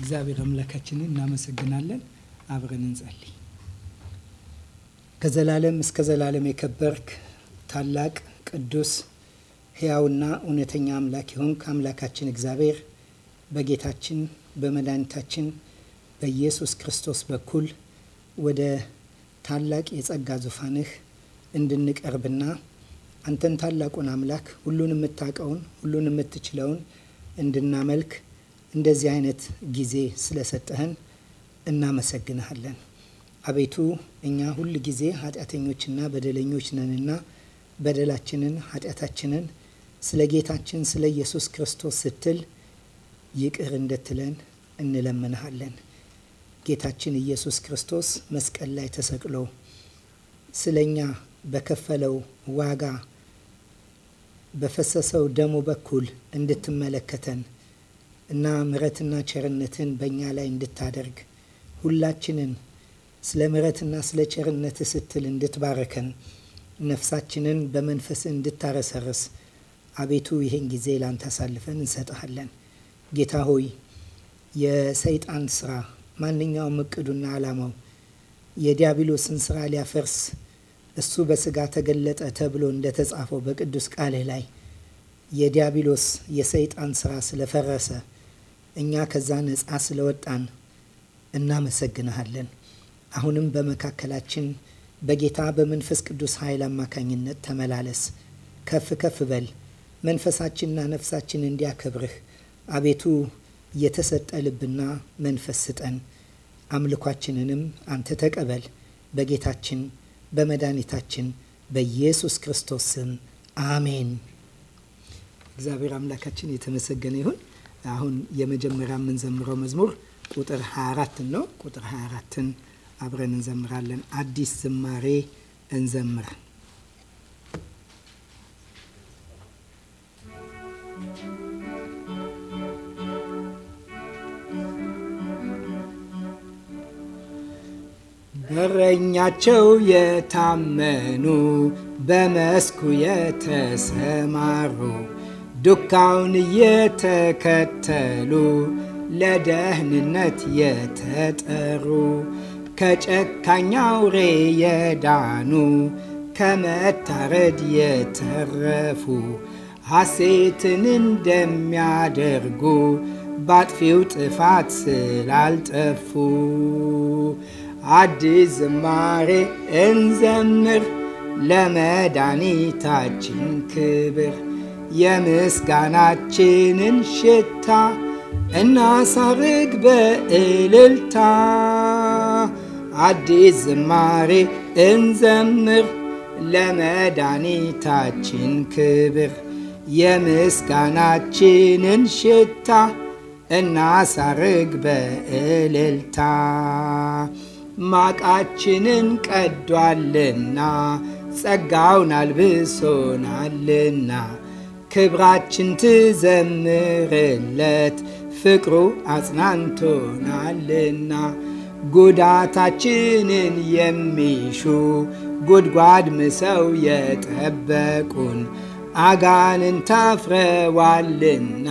እግዚአብሔር አምላካችንን እናመሰግናለን። አብረን እንጸልይ። ከዘላለም እስከ ዘላለም የከበርክ ታላቅ ቅዱስ ሕያውና እውነተኛ አምላክ የሆንክ አምላካችን እግዚአብሔር በጌታችን በመድኃኒታችን በኢየሱስ ክርስቶስ በኩል ወደ ታላቅ የጸጋ ዙፋንህ እንድንቀርብና አንተን ታላቁን አምላክ ሁሉን የምታውቀውን ሁሉን የምትችለውን እንድናመልክ እንደዚህ አይነት ጊዜ ስለሰጠህን እናመሰግንሃለን። አቤቱ እኛ ሁል ጊዜ ኃጢአተኞችና በደለኞች ነንና በደላችንን ኃጢአታችንን ስለ ጌታችን ስለ ኢየሱስ ክርስቶስ ስትል ይቅር እንድትለን እንለምንሃለን። ጌታችን ኢየሱስ ክርስቶስ መስቀል ላይ ተሰቅሎ ስለ እኛ በከፈለው ዋጋ በፈሰሰው ደሙ በኩል እንድትመለከተን እና ምረትና ቸርነትን በእኛ ላይ እንድታደርግ ሁላችንን ስለ ምረትና ስለ ቸርነት ስትል እንድትባረከን ነፍሳችንን በመንፈስ እንድታረሰርስ አቤቱ ይህን ጊዜ ላንተ አሳልፈን እንሰጥሃለን። ጌታ ሆይ የሰይጣን ስራ ማንኛውም እቅዱና ዓላማው የዲያብሎስን ስራ ሊያፈርስ እሱ በስጋ ተገለጠ ተብሎ እንደተጻፈው በቅዱስ ቃልህ ላይ የዲያብሎስ የሰይጣን ስራ ስለፈረሰ እኛ ከዛ ነፃ ስለወጣን እናመሰግንሃለን። አሁንም በመካከላችን በጌታ በመንፈስ ቅዱስ ኃይል አማካኝነት ተመላለስ፣ ከፍ ከፍ በል፣ መንፈሳችንና ነፍሳችን እንዲያከብርህ አቤቱ የተሰጠ ልብና መንፈስ ስጠን። አምልኳችንንም አንተ ተቀበል። በጌታችን በመድኃኒታችን በኢየሱስ ክርስቶስ ስም አሜን። እግዚአብሔር አምላካችን የተመሰገነ ይሁን። አሁን የመጀመሪያ የምንዘምረው መዝሙር ቁጥር 24 ነው። ቁጥር 24 አብረን እንዘምራለን። አዲስ ዝማሬ እንዘምር በረኛቸው የታመኑ በመስኩ የተሰማሩ ዱካውን እየተከተሉ ለደህንነት የተጠሩ ከጨካኝ አውሬ የዳኑ ከመታረድ የተረፉ ሐሴትን እንደሚያደርጉ ባጥፊው ጥፋት ስላልጠፉ አዲስ ዝማሬ እንዘምር ለመድኃኒታችን ክብር የምስጋናችንን ሽታ እናሳርግ በእልልታ። አዲስ ዝማሬ እንዘምር ለመድኃኒታችን ክብር የምስጋናችንን ሽታ እናሳርግ በእልልታ። ማቃችንን ቀዷልና ጸጋውን አልብሶናልና ክብራችን ትዘምርለት ፍቅሩ አጽናንቶናልና ጉዳታችንን የሚሹ ጉድጓድ ምሰው የጠበቁን አጋንን ታፍረዋልና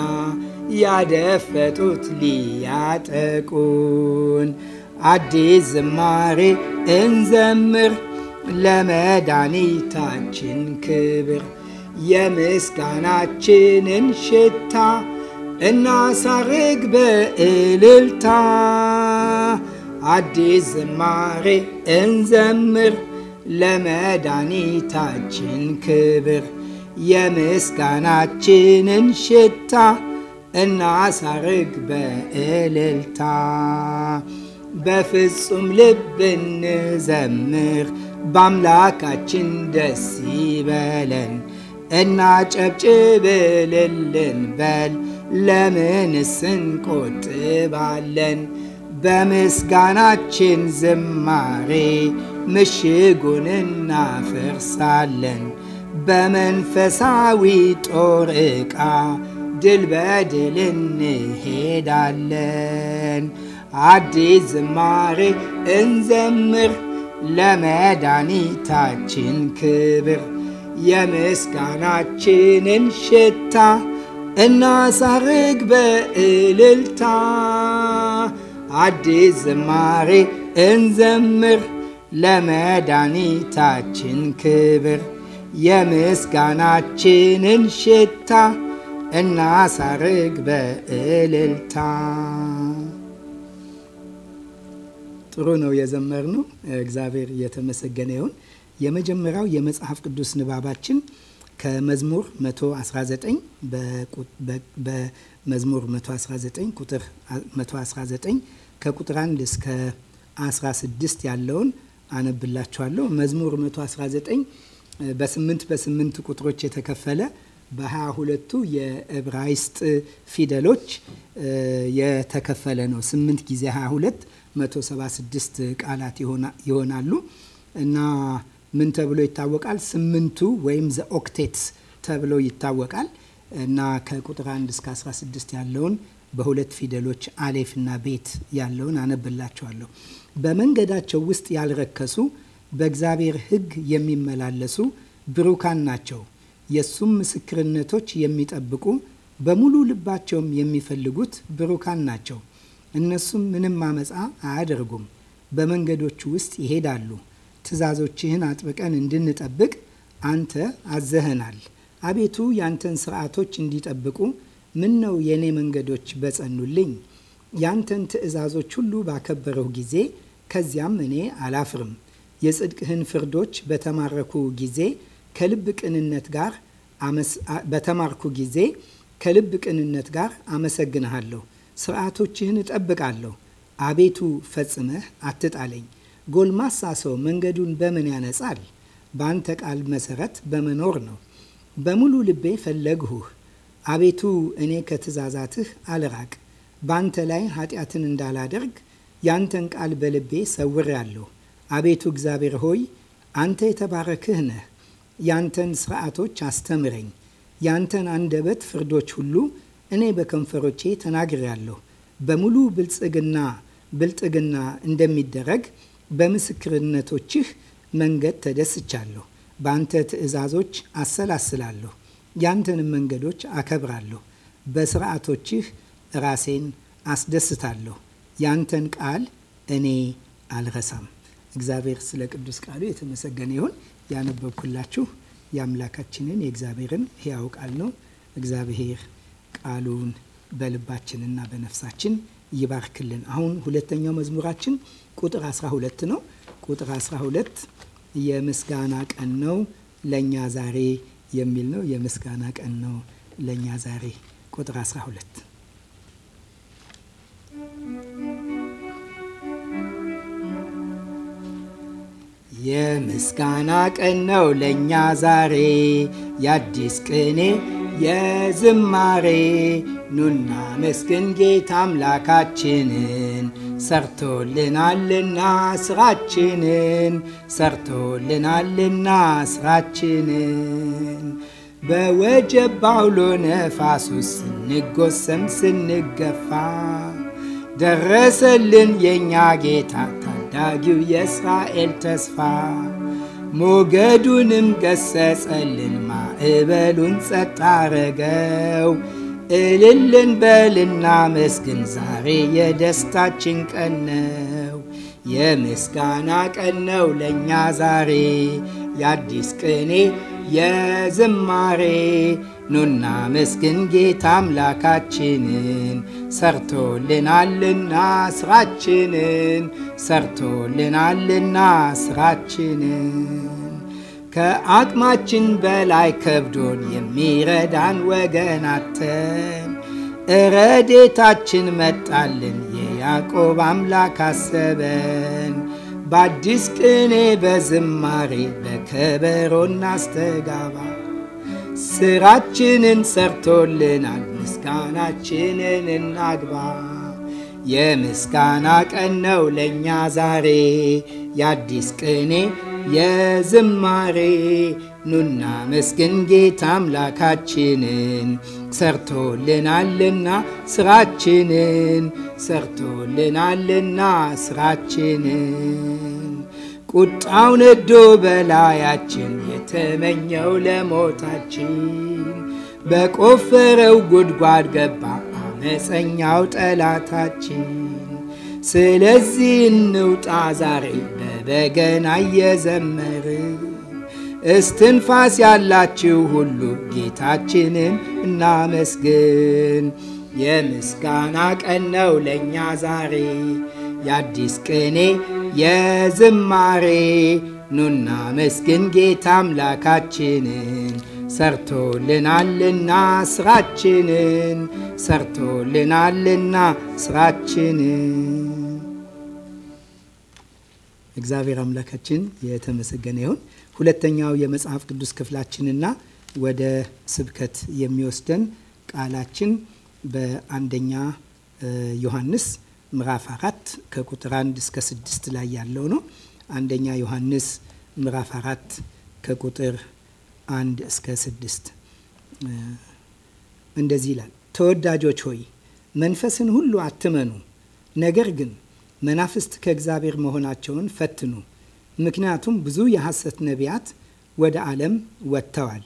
ያደፈጡት ሊያጠቁን አዲስ ዝማሬ እንዘምር ለመድኃኒታችን ክብር የምስጋናችንን ሽታ እናሳርግ በእልልታ። አዲስ ዝማሬ እንዘምር ለመድኃኒታችን ክብር የምስጋናችንን ሽታ እናሳርግ በእልልታ። በፍጹም ልብ እንዘምር በአምላካችን ደስ ይበለን እና ጨብጭብ እልልን በል ለምንስ እንቆጥባለን በምስጋናችን ዝማሬ ምሽጉን እናፈርሳለን። በመንፈሳዊ ጦር ዕቃ ድል በድል እንሄዳለን። አዲስ ዝማሬ እንዘምር ለመድኃኒታችን ክብር የምስጋናችንን ሽታ እናሳርግ በእልልታ። አዲስ ዝማሬ እንዘምር ለመድኃኒታችን ክብር የምስጋናችንን ሽታ እናሳርግ በእልልታ። ጥሩ ነው የዘመርነው። እግዚአብሔር እየተመሰገነ ይሁን። የመጀመሪያው የመጽሐፍ ቅዱስ ንባባችን ከመዝሙር 119 በመዝሙር 119 ቁጥር 119 ከቁጥር 1 እስከ 16 ያለውን አነብላችኋለሁ። መዝሙር 119 በስምንት በስምንት በ8 ቁጥሮች የተከፈለ በ22ቱ የዕብራይስጥ ፊደሎች የተከፈለ ነው። ስምንት ጊዜ 22 176 ቃላት ይሆናሉ እና ምን ተብሎ ይታወቃል? ስምንቱ ወይም ዘ ኦክቴትስ ተብሎ ይታወቃል እና ከቁጥር 1 እስከ 16 ያለውን በሁለት ፊደሎች አሌፍ እና ቤት ያለውን አነብላቸዋለሁ። በመንገዳቸው ውስጥ ያልረከሱ በእግዚአብሔር ሕግ የሚመላለሱ ብሩካን ናቸው። የእሱም ምስክርነቶች የሚጠብቁ በሙሉ ልባቸውም የሚፈልጉት ብሩካን ናቸው። እነሱም ምንም አመፃ አያደርጉም። በመንገዶቹ ውስጥ ይሄዳሉ ትእዛዞችህን አጥብቀን እንድንጠብቅ አንተ አዘህናል። አቤቱ ያንተን ስርዓቶች እንዲጠብቁ ምን ነው የእኔ መንገዶች በጸኑልኝ። ያንተን ትእዛዞች ሁሉ ባከበረው ጊዜ ከዚያም እኔ አላፍርም። የጽድቅህን ፍርዶች በተማረኩ ጊዜ ከልብ ቅንነት ጋር በተማርኩ ጊዜ ከልብ ቅንነት ጋር አመሰግንሃለሁ። ስርዓቶችህን እጠብቃለሁ። አቤቱ ፈጽመህ አትጣለኝ። ጎልማሳ ሰው መንገዱን በምን ያነጻል? በአንተ ቃል መሰረት በመኖር ነው። በሙሉ ልቤ ፈለግሁህ አቤቱ፣ እኔ ከትእዛዛትህ አልራቅ። በአንተ ላይ ኃጢአትን እንዳላደርግ ያንተን ቃል በልቤ ሰውሬአለሁ። አቤቱ እግዚአብሔር ሆይ አንተ የተባረክህ ነህ። ያንተን ስርዓቶች አስተምረኝ። ያንተን አንደበት ፍርዶች ሁሉ እኔ በከንፈሮቼ ተናግሬአለሁ። በሙሉ ብልጽግና ብልጥግና እንደሚደረግ በምስክርነቶችህ መንገድ ተደስቻለሁ። በአንተ ትእዛዞች አሰላስላለሁ። ያንተንም መንገዶች አከብራለሁ። በስርዓቶችህ ራሴን አስደስታለሁ። ያንተን ቃል እኔ አልረሳም። እግዚአብሔር ስለ ቅዱስ ቃሉ የተመሰገነ ይሁን። ያነበብኩላችሁ የአምላካችንን የእግዚአብሔርን ሕያው ቃል ነው። እግዚአብሔር ቃሉን በልባችንና በነፍሳችን ይባርክልን። አሁን ሁለተኛው መዝሙራችን ቁጥር 12 ነው። ቁጥር 12 የምስጋና ቀን ነው ለእኛ ዛሬ የሚል ነው። የምስጋና ቀን ነው ለእኛ ዛሬ ቁጥር 12 የምስጋና ቀን ነው ለእኛ ዛሬ የአዲስ ቅኔ የዝማሬ ኑና መስግን ጌታ አምላካችንን ሰርቶልናልና ስራችንን ሰርቶልናልና ስራችንን በወጀብ ባውሎ ነፋሱ ስንጎሰም ስንገፋ ደረሰልን የእኛ ጌታ ታዳጊው የእስራኤል ተስፋ ሞገዱንም ገሰጸልን ማዕበሉን ጸጥ አረገው። እልልን በልና መስግን ዛሬ የደስታችን ቀን ነው። የምስጋና ቀን ነው ለእኛ ዛሬ የአዲስ ቅኔ የዝማሬ ኑና መስግን ጌታ አምላካችንን ሰርቶልናልና ስራችንን ሰርቶልናልና ስራችንን ከአቅማችን በላይ ከብዶን የሚረዳን ወገናተን እረዴታችን መጣልን የያዕቆብ አምላክ አሰበን። በአዲስ ቅኔ በዝማሬ በከበሮ እናስተጋባ ስራችንን ሰርቶልናል ምስጋናችንን እናግባ። የምስጋና ቀን ነው ለእኛ ዛሬ የአዲስ ቅኔ የዝማሬ ኑና መስገን ጌታ አምላካችንን ሰርቶልናልና ስራችንን ሰርቶልናልና ስራችንን ቁጣው ነዶ በላያችን የተመኘው ለሞታችን በቆፈረው ጉድጓድ ገባ አመፀኛው ጠላታችን። ስለዚህ እንውጣ ዛሬ በገና እየዘመር እስትንፋስ ያላችሁ ሁሉ ጌታችንን እናመስግን። የምስጋና ቀን ነው ለእኛ ዛሬ የአዲስ ቅኔ የዝማሬ ኑና መስግን ጌታ አምላካችንን ሰርቶልናልና ስራችንን ሰርቶልናልና ስራችንን እግዚአብሔር አምላካችን የተመሰገነ ይሁን። ሁለተኛው የመጽሐፍ ቅዱስ ክፍላችንና ወደ ስብከት የሚወስደን ቃላችን በአንደኛ ዮሐንስ ምዕራፍ አራት ከቁጥር አንድ እስከ ስድስት ላይ ያለው ነው። አንደኛ ዮሐንስ ምዕራፍ አራት ከቁጥር አንድ እስከ ስድስት እንደዚህ ይላል። ተወዳጆች ሆይ መንፈስን ሁሉ አትመኑ፣ ነገር ግን መናፍስት ከእግዚአብሔር መሆናቸውን ፈትኑ፣ ምክንያቱም ብዙ የሐሰት ነቢያት ወደ ዓለም ወጥተዋል።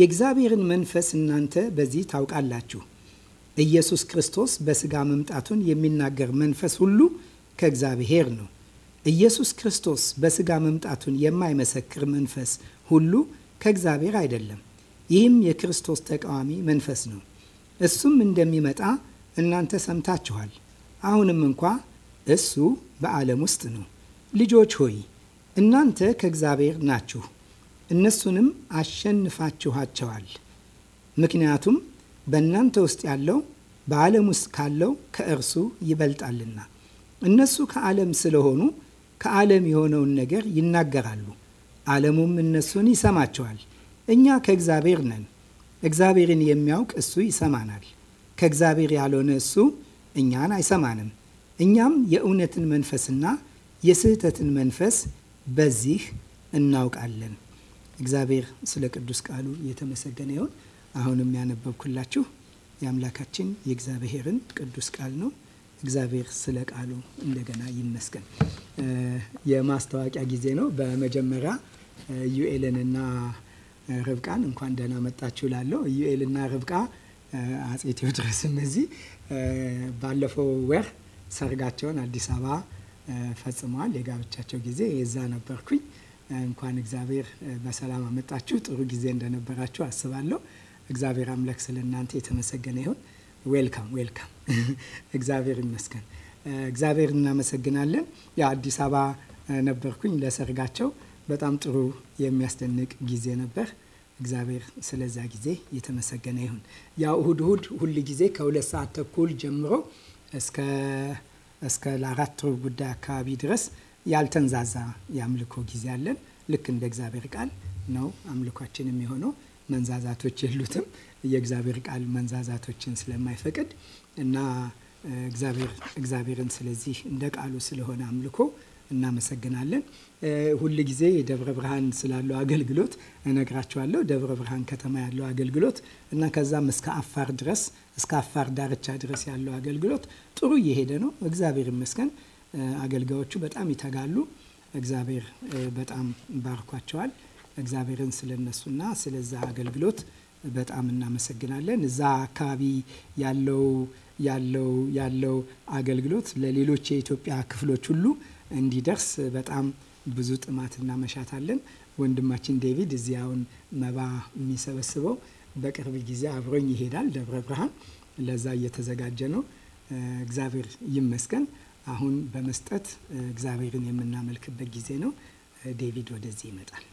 የእግዚአብሔርን መንፈስ እናንተ በዚህ ታውቃላችሁ። ኢየሱስ ክርስቶስ በሥጋ መምጣቱን የሚናገር መንፈስ ሁሉ ከእግዚአብሔር ነው። ኢየሱስ ክርስቶስ በሥጋ መምጣቱን የማይመሰክር መንፈስ ሁሉ ከእግዚአብሔር አይደለም። ይህም የክርስቶስ ተቃዋሚ መንፈስ ነው። እሱም እንደሚመጣ እናንተ ሰምታችኋል። አሁንም እንኳ እሱ በዓለም ውስጥ ነው። ልጆች ሆይ እናንተ ከእግዚአብሔር ናችሁ፣ እነሱንም አሸንፋችኋቸዋል። ምክንያቱም በእናንተ ውስጥ ያለው በዓለም ውስጥ ካለው ከእርሱ ይበልጣልና። እነሱ ከዓለም ስለሆኑ ከዓለም የሆነውን ነገር ይናገራሉ፣ ዓለሙም እነሱን ይሰማቸዋል። እኛ ከእግዚአብሔር ነን። እግዚአብሔርን የሚያውቅ እሱ ይሰማናል። ከእግዚአብሔር ያልሆነ እሱ እኛን አይሰማንም። እኛም የእውነትን መንፈስና የስህተትን መንፈስ በዚህ እናውቃለን። እግዚአብሔር ስለ ቅዱስ ቃሉ የተመሰገነ ይሁን። አሁንም ያነበብኩላችሁ የአምላካችን የእግዚአብሔርን ቅዱስ ቃል ነው። እግዚአብሔር ስለ ቃሉ እንደገና ይመስገን። የማስታወቂያ ጊዜ ነው። በመጀመሪያ ዩኤልንና ርብቃን እንኳን ደህና መጣችሁ ላለው ዩኤልና ርብቃ አጼ ቴዎድሮስ እነዚህ ባለፈው ወር ሰርጋቸውን አዲስ አበባ ፈጽመዋል። የጋብቻቸው ጊዜ የዛ ነበርኩኝ። እንኳን እግዚአብሔር በሰላም አመጣችሁ። ጥሩ ጊዜ እንደነበራችሁ አስባለሁ። እግዚአብሔር አምላክ ስለ እናንተ የተመሰገነ ይሁን። ዌልካም ዌልካም። እግዚአብሔር ይመስገን። እግዚአብሔር እናመሰግናለን። ያ አዲስ አበባ ነበርኩኝ ለሰርጋቸው። በጣም ጥሩ የሚያስደንቅ ጊዜ ነበር። እግዚአብሔር ስለዛ ጊዜ የተመሰገነ ይሁን። ያው እሁድ እሁድ ሁል ጊዜ ከሁለት ሰዓት ተኩል ጀምሮ እስከ ለአራት ወር ጉዳይ አካባቢ ድረስ ያልተንዛዛ የአምልኮ ጊዜ አለን። ልክ እንደ እግዚአብሔር ቃል ነው አምልኳችን የሚሆነው። መንዛዛቶች የሉትም። የእግዚአብሔር ቃል መንዛዛቶችን ስለማይፈቅድ እና እግዚአብሔርን ስለዚህ እንደ ቃሉ ስለሆነ አምልኮ እናመሰግናለን። ሁል ጊዜ የደብረ ብርሃን ስላለው አገልግሎት እነግራቸዋለሁ። ደብረ ብርሃን ከተማ ያለው አገልግሎት እና ከዛም እስከ አፋር ድረስ እስከ አፋር ዳርቻ ድረስ ያለው አገልግሎት ጥሩ እየሄደ ነው። እግዚአብሔር ይመስገን። አገልጋዮቹ በጣም ይተጋሉ። እግዚአብሔር በጣም ባርኳቸዋል። እግዚአብሔርን ስለነሱና ስለዛ አገልግሎት በጣም እናመሰግናለን። እዛ አካባቢ ያለው ያለው ያለው አገልግሎት ለሌሎች የኢትዮጵያ ክፍሎች ሁሉ እንዲደርስ በጣም ብዙ ጥማትና መሻት አለን። ወንድማችን ዴቪድ እዚያውን መባ የሚሰበስበው በቅርብ ጊዜ አብሮኝ ይሄዳል ደብረ ብርሃን። ለዛ እየተዘጋጀ ነው። እግዚአብሔር ይመስገን። አሁን በመስጠት እግዚአብሔርን የምናመልክበት ጊዜ ነው። ዴቪድ ወደዚህ ይመጣል።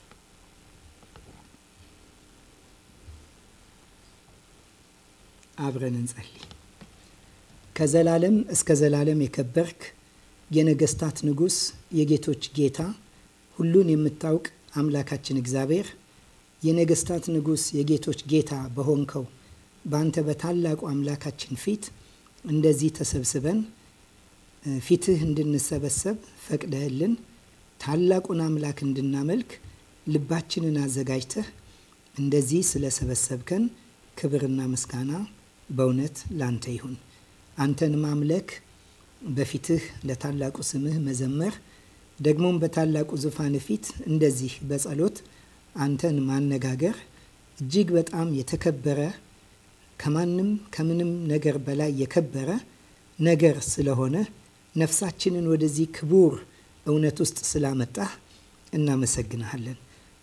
አብረን እንጸልይ። ከዘላለም እስከ ዘላለም የከበርክ የነገስታት ንጉስ፣ የጌቶች ጌታ፣ ሁሉን የምታውቅ አምላካችን እግዚአብሔር የነገስታት ንጉስ፣ የጌቶች ጌታ በሆንከው በአንተ በታላቁ አምላካችን ፊት እንደዚህ ተሰብስበን ፊትህ እንድንሰበሰብ ፈቅደህልን ታላቁን አምላክ እንድናመልክ ልባችንን አዘጋጅተህ እንደዚህ ስለሰበሰብከን ክብርና ምስጋና በእውነት ላንተ ይሁን። አንተን ማምለክ በፊትህ ለታላቁ ስምህ መዘመር ደግሞም በታላቁ ዙፋን ፊት እንደዚህ በጸሎት አንተን ማነጋገር እጅግ በጣም የተከበረ ከማንም ከምንም ነገር በላይ የከበረ ነገር ስለሆነ ነፍሳችንን ወደዚህ ክቡር እውነት ውስጥ ስላመጣህ እናመሰግንሃለን።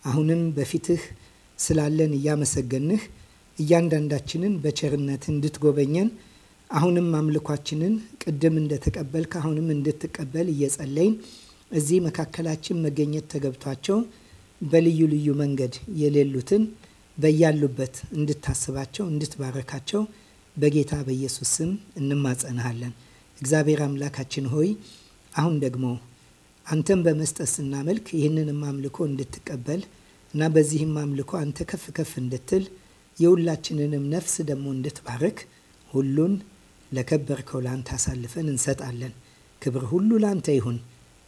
አሁንም በፊትህ ስላለን እያመሰገንህ እያንዳንዳችንን በቸርነት እንድትጎበኘን አሁንም አምልኳችንን ቅድም እንደተቀበልክ አሁንም እንድትቀበል እየጸለይን እዚህ መካከላችን መገኘት ተገብቷቸው በልዩ ልዩ መንገድ የሌሉትን በያሉበት እንድታስባቸው እንድትባረካቸው በጌታ በኢየሱስ ስም እንማጸናሃለን። እግዚአብሔር አምላካችን ሆይ አሁን ደግሞ አንተን በመስጠት ስናመልክ ይህንንም አምልኮ እንድትቀበል እና በዚህም አምልኮ አንተ ከፍ ከፍ እንድትል የሁላችንንም ነፍስ ደግሞ እንድትባርክ ሁሉን ለከበርከው ላንተ አሳልፈን እንሰጣለን። ክብር ሁሉ ላንተ ይሁን።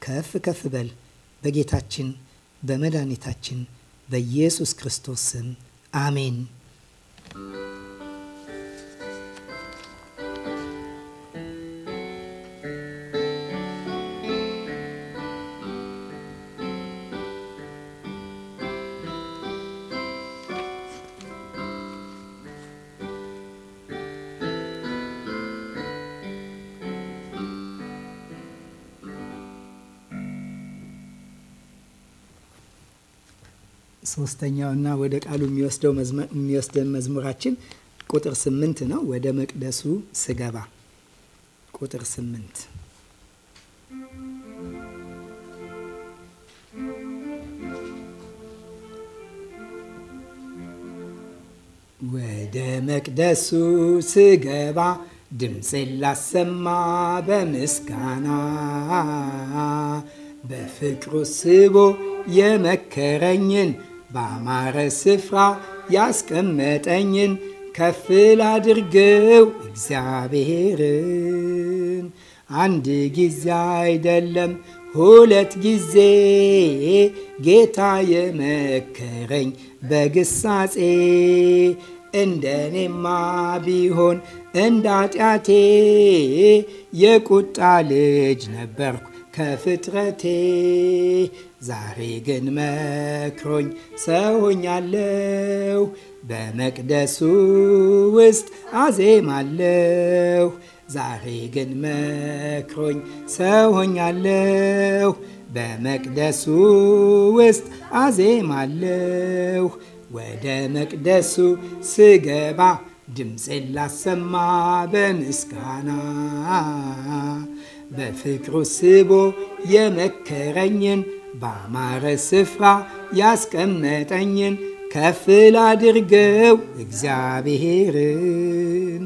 ከፍ ከፍ በል በጌታችን በመድኃኒታችን በኢየሱስ ክርስቶስ ስም አሜን። ሶስተኛውና ወደ ቃሉ የሚወስደው የሚወስደን መዝሙራችን ቁጥር ስምንት ነው። ወደ መቅደሱ ስገባ ቁጥር ስምንት ወደ መቅደሱ ስገባ ድምፅን ላሰማ በምስጋና በፍቅሩ ስቦ የመከረኝን በአማረ ስፍራ ያስቀመጠኝን ከፍል አድርገው እግዚአብሔርን አንድ ጊዜ አይደለም ሁለት ጊዜ ጌታ የመከረኝ በግሳጼ እንደኔማ ቢሆን እንዳጢአቴ የቁጣ ልጅ ነበርኩ ከፍጥረቴ ዛሬ ግን መክሮኝ ሰውኛለሁ በመቅደሱ ውስጥ አዜማለሁ። ዛሬ ግን መክሮኝ ሰውኛለሁ በመቅደሱ ውስጥ አዜማለሁ። ወደ መቅደሱ ስገባ ድምፅ ላሰማ በምስጋና በፍቅሩ ስቦ የመከረኝን በአማረ ስፍራ ያስቀመጠኝን ከፍ ላድርገው እግዚአብሔርን።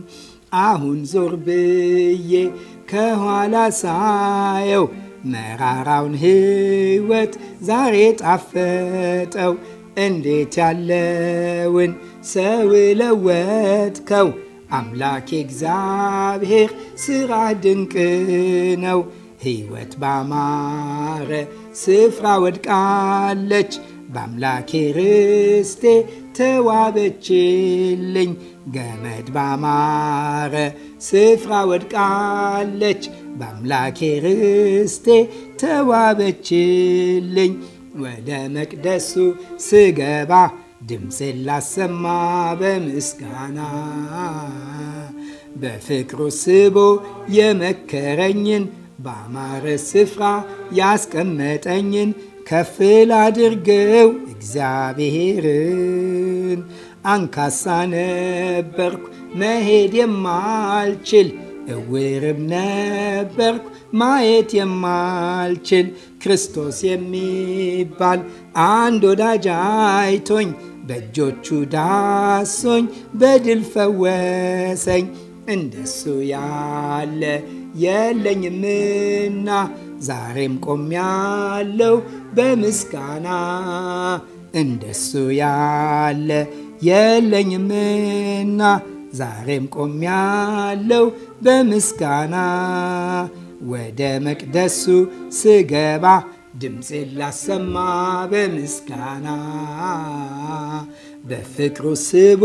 አሁን ዞር ብዬ ከኋላ ሳየው መራራውን ሕይወት ዛሬ ጣፈጠው። እንዴት ያለውን ሰው ለወጥከው አምላኬ እግዚአብሔር፣ ስራ ድንቅ ነው። ሕይወት ባማረ ስፍራ ወድቃለች። በአምላኬ ርስቴ ተዋበችልኝ ገመድ ባማረ ስፍራ ወድቃለች። በአምላኬ ርስቴ ተዋበችልኝ ወደ መቅደሱ ስገባ ድምፄን ላሰማ በምስጋና በፍቅሩ ስቦ የመከረኝን በአማረ ስፍራ ያስቀመጠኝን ከፍል አድርገው እግዚአብሔርን። አንካሳ ነበርኩ መሄድ የማልችል እውርም ነበርኩ ማየት የማልችል ክርስቶስ የሚባል አንድ ወዳጅ አይቶኝ በእጆቹ ዳሶኝ በድል ፈወሰኝ። እንደሱ ያለ የለኝምና ዛሬም ቆሜያለሁ በምስጋና እንደሱ ያለ የለኝምና ዛሬም ቆሜያለሁ በምስጋና ወደ መቅደሱ ስገባ ድምፄን ላሰማ በምስጋና በፍቅሩ ስቦ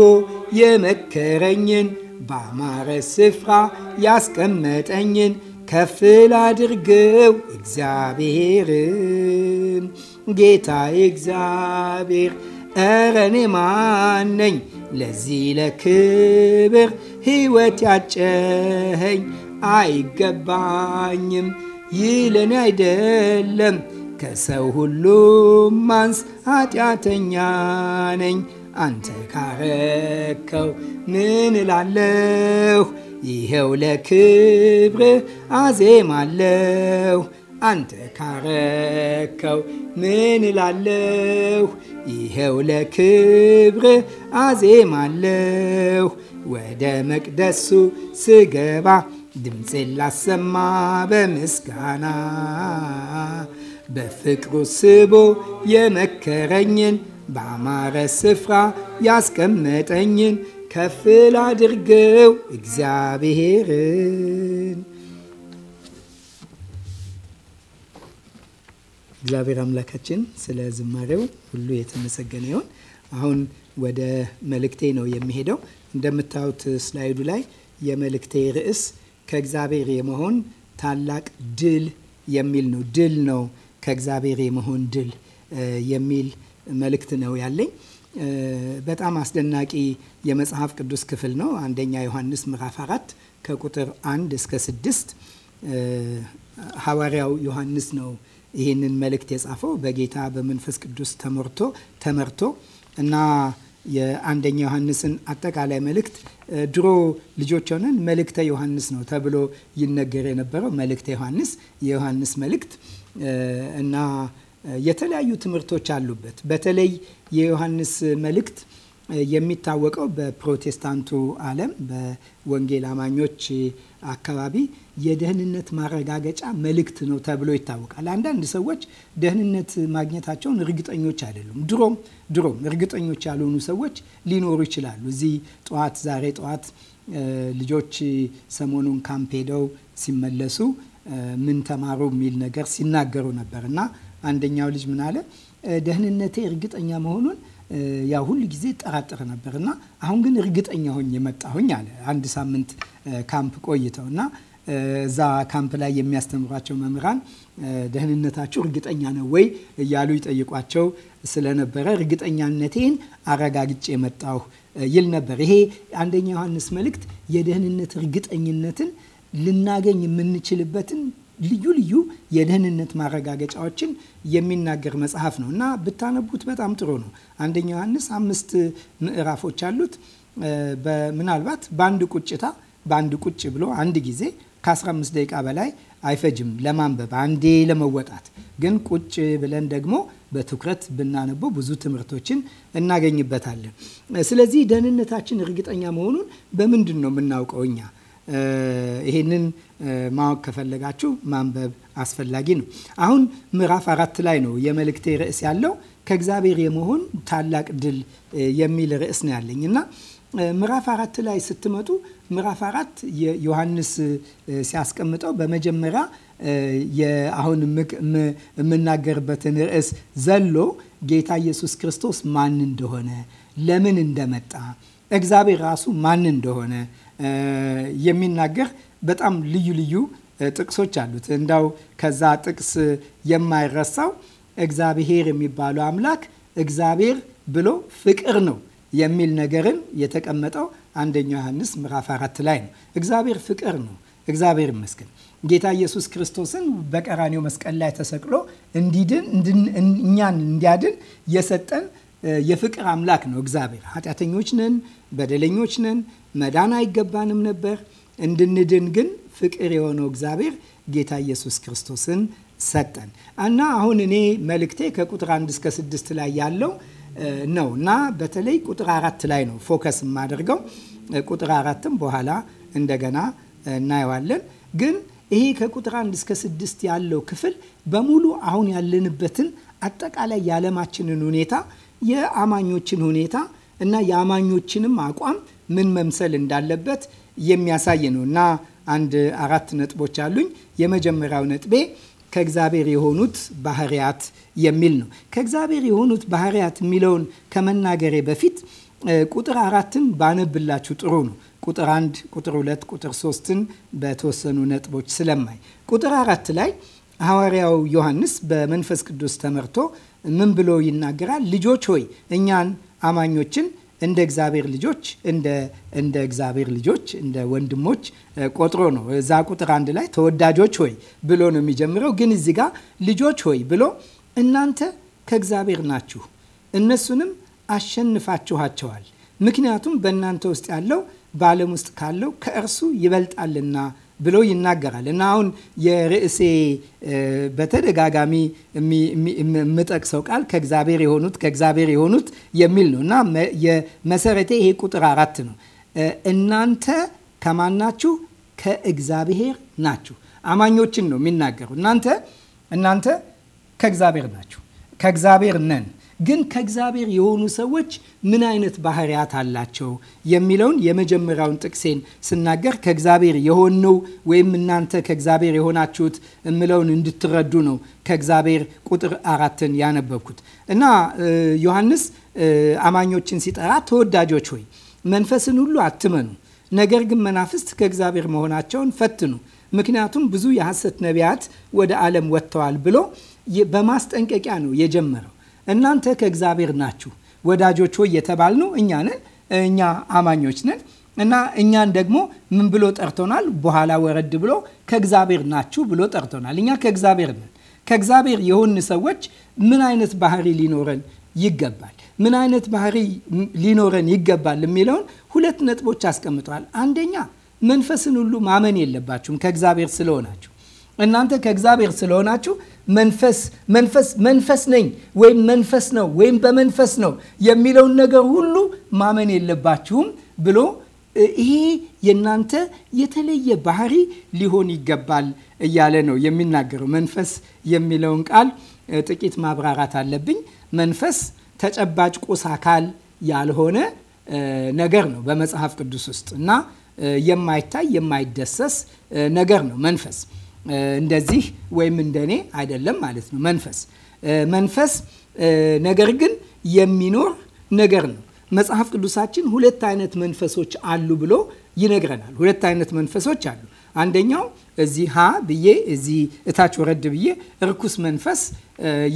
የመከረኝን ባማረ ስፍራ ያስቀመጠኝን ከፍል አድርገው እግዚአብሔርን ጌታ እግዚአብሔር እረኔ ማነኝ ለዚህ ለክብር ሕይወት ያጨኸኝ አይገባኝም ይለኔ አይደለም ከሰው ሁሉም ማንስ ኃጢአተኛ ነኝ አንተ ካረከው ምን እላለሁ? ይኸው ለክብርህ አዜማለሁ። አንተ ካረከው ምን እላለሁ? ይኸው ለክብርህ አዜማለሁ። ወደ መቅደሱ ስገባ ድምፄን ላሰማ በምስጋና በፍቅሩ ስቦ የመከረኝን በአማረ ስፍራ ያስቀመጠኝን ከፍል አድርገው እግዚአብሔርን እግዚአብሔር አምላካችን ስለ ዝማሬው ሁሉ የተመሰገነ ይሁን። አሁን ወደ መልእክቴ ነው የሚሄደው። እንደምታዩት ስላይዱ ላይ የመልእክቴ ርዕስ ከእግዚአብሔር የመሆን ታላቅ ድል የሚል ነው። ድል ነው ከእግዚአብሔር የመሆን ድል የሚል መልእክት ነው ያለኝ። በጣም አስደናቂ የመጽሐፍ ቅዱስ ክፍል ነው። አንደኛ ዮሐንስ ምዕራፍ አራት ከቁጥር አንድ እስከ ስድስት ሐዋርያው ዮሐንስ ነው ይህንን መልእክት የጻፈው በጌታ በመንፈስ ቅዱስ ተመርቶ ተመርቶ እና የአንደኛ ዮሐንስን አጠቃላይ መልእክት ድሮ ልጆች ሆነን መልእክተ ዮሐንስ ነው ተብሎ ይነገር የነበረው መልእክተ ዮሐንስ የዮሐንስ መልእክት እና የተለያዩ ትምህርቶች አሉበት። በተለይ የዮሐንስ መልእክት የሚታወቀው በፕሮቴስታንቱ ዓለም በወንጌል አማኞች አካባቢ የደህንነት ማረጋገጫ መልእክት ነው ተብሎ ይታወቃል። አንዳንድ ሰዎች ደህንነት ማግኘታቸውን እርግጠኞች አይደሉም። ድሮም ድሮም እርግጠኞች ያልሆኑ ሰዎች ሊኖሩ ይችላሉ። እዚህ ጠዋት ዛሬ ጠዋት ልጆች ሰሞኑን ካምፕ ሄደው ሲመለሱ ምን ተማሩ የሚል ነገር ሲናገሩ ነበር እና አንደኛው ልጅ ምን አለ ደህንነቴ እርግጠኛ መሆኑን ያ ሁሉ ጊዜ ጠራጥር ነበር እና አሁን ግን እርግጠኛ ሆኜ መጣሁኝ አለ። አንድ ሳምንት ካምፕ ቆይተው እና እዛ ካምፕ ላይ የሚያስተምሯቸው መምህራን ደህንነታቸው እርግጠኛ ነው ወይ እያሉ ይጠይቋቸው ስለነበረ እርግጠኛነቴን አረጋግጬ መጣሁ ይል ነበር። ይሄ አንደኛ ዮሐንስ መልእክት የደህንነት እርግጠኝነትን ልናገኝ የምንችልበትን ልዩ ልዩ የደህንነት ማረጋገጫዎችን የሚናገር መጽሐፍ ነው እና ብታነቡት በጣም ጥሩ ነው። አንደኛ ዮሐንስ አምስት ምዕራፎች አሉት። ምናልባት በአንድ ቁጭታ በአንድ ቁጭ ብሎ አንድ ጊዜ ከ15 ደቂቃ በላይ አይፈጅም ለማንበብ አንዴ ለመወጣት። ግን ቁጭ ብለን ደግሞ በትኩረት ብናነበው ብዙ ትምህርቶችን እናገኝበታለን። ስለዚህ ደህንነታችን እርግጠኛ መሆኑን በምንድን ነው የምናውቀው እኛ? ይሄንን ማወቅ ከፈለጋችሁ ማንበብ አስፈላጊ ነው። አሁን ምዕራፍ አራት ላይ ነው የመልእክቴ ርዕስ ያለው ከእግዚአብሔር የመሆን ታላቅ ድል የሚል ርዕስ ነው ያለኝ እና ምዕራፍ አራት ላይ ስትመጡ ምዕራፍ አራት ዮሐንስ ሲያስቀምጠው በመጀመሪያ አሁን የምናገርበትን ርዕስ ዘሎ ጌታ ኢየሱስ ክርስቶስ ማን እንደሆነ፣ ለምን እንደመጣ፣ እግዚአብሔር ራሱ ማን እንደሆነ የሚናገር በጣም ልዩ ልዩ ጥቅሶች አሉት። እንዳው ከዛ ጥቅስ የማይረሳው እግዚአብሔር የሚባለው አምላክ እግዚአብሔር ብሎ ፍቅር ነው የሚል ነገርን የተቀመጠው አንደኛው ዮሐንስ ምዕራፍ አራት ላይ ነው። እግዚአብሔር ፍቅር ነው። እግዚአብሔር ይመስገን። ጌታ ኢየሱስ ክርስቶስን በቀራኔው መስቀል ላይ ተሰቅሎ እንዲድን እኛን እንዲያድን የሰጠን የፍቅር አምላክ ነው እግዚአብሔር። ኃጢአተኞች ነን፣ በደለኞች ነን፣ መዳን አይገባንም ነበር እንድንድን ግን ፍቅር የሆነው እግዚአብሔር ጌታ ኢየሱስ ክርስቶስን ሰጠን እና አሁን እኔ መልእክቴ ከቁጥር አንድ እስከ ስድስት ላይ ያለው ነው እና በተለይ ቁጥር አራት ላይ ነው ፎከስ የማደርገው። ቁጥር አራትም በኋላ እንደገና እናየዋለን። ግን ይሄ ከቁጥር አንድ እስከ ስድስት ያለው ክፍል በሙሉ አሁን ያለንበትን አጠቃላይ የዓለማችንን ሁኔታ፣ የአማኞችን ሁኔታ እና የአማኞችንም አቋም ምን መምሰል እንዳለበት የሚያሳይ ነው እና አንድ አራት ነጥቦች አሉኝ። የመጀመሪያው ነጥቤ ከእግዚአብሔር የሆኑት ባህርያት የሚል ነው። ከእግዚአብሔር የሆኑት ባህርያት የሚለውን ከመናገሬ በፊት ቁጥር አራትን ባነብላችሁ ጥሩ ነው። ቁጥር አንድ፣ ቁጥር ሁለት፣ ቁጥር ሶስትን በተወሰኑ ነጥቦች ስለማይ ቁጥር አራት ላይ ሐዋርያው ዮሐንስ በመንፈስ ቅዱስ ተመርቶ ምን ብሎ ይናገራል? ልጆች ሆይ እኛን አማኞችን እንደ እግዚአብሔር ልጆች እንደ እግዚአብሔር ልጆች እንደ ወንድሞች ቆጥሮ ነው። እዛ ቁጥር አንድ ላይ ተወዳጆች ሆይ ብሎ ነው የሚጀምረው። ግን እዚ ጋ ልጆች ሆይ ብሎ እናንተ ከእግዚአብሔር ናችሁ፣ እነሱንም አሸንፋችኋቸዋል፣ ምክንያቱም በእናንተ ውስጥ ያለው በዓለም ውስጥ ካለው ከእርሱ ይበልጣልና ብሎ ይናገራል እና አሁን የርዕሴ በተደጋጋሚ የምጠቅሰው ቃል ከእግዚአብሔር የሆኑት ከእግዚአብሔር የሆኑት የሚል ነው እና የመሰረቴ ይሄ ቁጥር አራት ነው። እናንተ ከማናችሁ ከእግዚአብሔር ናችሁ። አማኞችን ነው የሚናገሩ። እናንተ እናንተ ከእግዚአብሔር ናችሁ፣ ከእግዚአብሔር ነን ግን ከእግዚአብሔር የሆኑ ሰዎች ምን አይነት ባህሪያት አላቸው የሚለውን የመጀመሪያውን ጥቅሴን ስናገር ከእግዚአብሔር የሆንነው ወይም እናንተ ከእግዚአብሔር የሆናችሁት የምለውን እንድትረዱ ነው። ከእግዚአብሔር ቁጥር አራትን ያነበብኩት እና ዮሐንስ አማኞችን ሲጠራ ተወዳጆች ሆይ መንፈስን ሁሉ አትመኑ፣ ነገር ግን መናፍስት ከእግዚአብሔር መሆናቸውን ፈትኑ፣ ምክንያቱም ብዙ የሐሰት ነቢያት ወደ ዓለም ወጥተዋል ብሎ በማስጠንቀቂያ ነው የጀመረው። እናንተ ከእግዚአብሔር ናችሁ ወዳጆች ሆይ የተባልነው እኛ ነን። እኛ አማኞች ነን እና እኛን ደግሞ ምን ብሎ ጠርቶናል? በኋላ ወረድ ብሎ ከእግዚአብሔር ናችሁ ብሎ ጠርቶናል። እኛ ከእግዚአብሔር ነን። ከእግዚአብሔር የሆን ሰዎች ምን አይነት ባህሪ ሊኖረን ይገባል? ምን አይነት ባህሪ ሊኖረን ይገባል የሚለውን ሁለት ነጥቦች አስቀምጠዋል። አንደኛ መንፈስን ሁሉ ማመን የለባችሁም ከእግዚአብሔር ስለሆናችሁ እናንተ ከእግዚአብሔር ስለሆናችሁ መንፈስ መንፈስ መንፈስ ነኝ ወይም መንፈስ ነው ወይም በመንፈስ ነው የሚለውን ነገር ሁሉ ማመን የለባችሁም ብሎ ይሄ የእናንተ የተለየ ባህሪ ሊሆን ይገባል እያለ ነው የሚናገረው። መንፈስ የሚለውን ቃል ጥቂት ማብራራት አለብኝ። መንፈስ ተጨባጭ ቁስ አካል ያልሆነ ነገር ነው በመጽሐፍ ቅዱስ ውስጥ እና የማይታይ የማይደሰስ ነገር ነው መንፈስ እንደዚህ ወይም እንደኔ አይደለም ማለት ነው። መንፈስ መንፈስ ነገር ግን የሚኖር ነገር ነው። መጽሐፍ ቅዱሳችን ሁለት አይነት መንፈሶች አሉ ብሎ ይነግረናል። ሁለት አይነት መንፈሶች አሉ። አንደኛው እዚህ ሀ ብዬ እዚህ እታች ወረድ ብዬ እርኩስ መንፈስ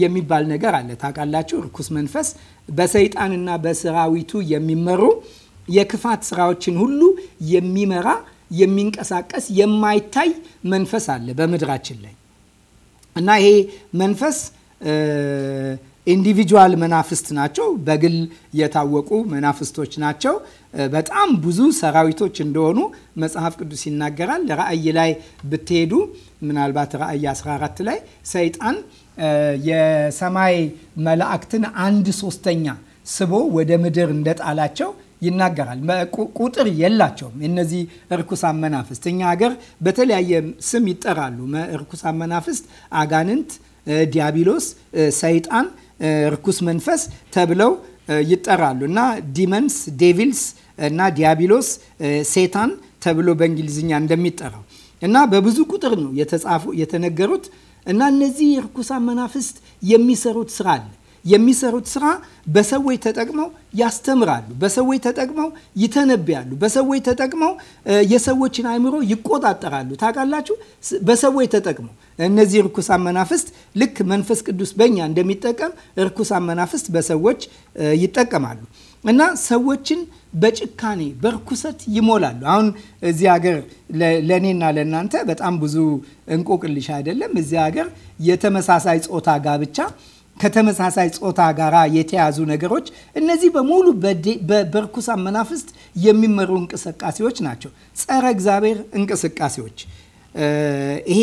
የሚባል ነገር አለ። ታውቃላችሁ? እርኩስ መንፈስ በሰይጣንና በሰራዊቱ የሚመሩ የክፋት ስራዎችን ሁሉ የሚመራ የሚንቀሳቀስ የማይታይ መንፈስ አለ በምድራችን ላይ እና ይሄ መንፈስ ኢንዲቪጁዋል መናፍስት ናቸው። በግል የታወቁ መናፍስቶች ናቸው። በጣም ብዙ ሰራዊቶች እንደሆኑ መጽሐፍ ቅዱስ ይናገራል። ራእይ ላይ ብትሄዱ ምናልባት ራእይ 14 ላይ ሰይጣን የሰማይ መላእክትን አንድ ሶስተኛ ስቦ ወደ ምድር እንደጣላቸው ይናገራል። ቁጥር የላቸውም። እነዚህ እርኩሳን መናፍስት እኛ ሀገር በተለያየ ስም ይጠራሉ። እርኩሳን መናፍስት፣ አጋንንት፣ ዲያቢሎስ፣ ሰይጣን፣ እርኩስ መንፈስ ተብለው ይጠራሉ እና ዲመንስ፣ ዴቪልስ እና ዲያቢሎስ፣ ሴታን ተብሎ በእንግሊዝኛ እንደሚጠራው እና በብዙ ቁጥር ነው የተጻፉ የተነገሩት እና እነዚህ እርኩሳን መናፍስት የሚሰሩት ስራ አለ የሚሰሩት ስራ በሰዎች ተጠቅመው ያስተምራሉ፣ በሰዎች ተጠቅመው ይተነብያሉ፣ በሰዎች ተጠቅመው የሰዎችን አይምሮ ይቆጣጠራሉ። ታውቃላችሁ፣ በሰዎች ተጠቅመው እነዚህ ርኩሳን መናፍስት ልክ መንፈስ ቅዱስ በኛ እንደሚጠቀም ርኩሳን መናፍስት በሰዎች ይጠቀማሉ እና ሰዎችን በጭካኔ በርኩሰት ይሞላሉ። አሁን እዚህ ሀገር ለእኔና ለእናንተ በጣም ብዙ እንቆቅልሽ አይደለም። እዚህ ሀገር የተመሳሳይ ጾታ ጋብቻ ከተመሳሳይ ጾታ ጋራ የተያዙ ነገሮች እነዚህ በሙሉ በርኩሳን መናፍስት የሚመሩ እንቅስቃሴዎች ናቸው። ጸረ እግዚአብሔር እንቅስቃሴዎች። ይሄ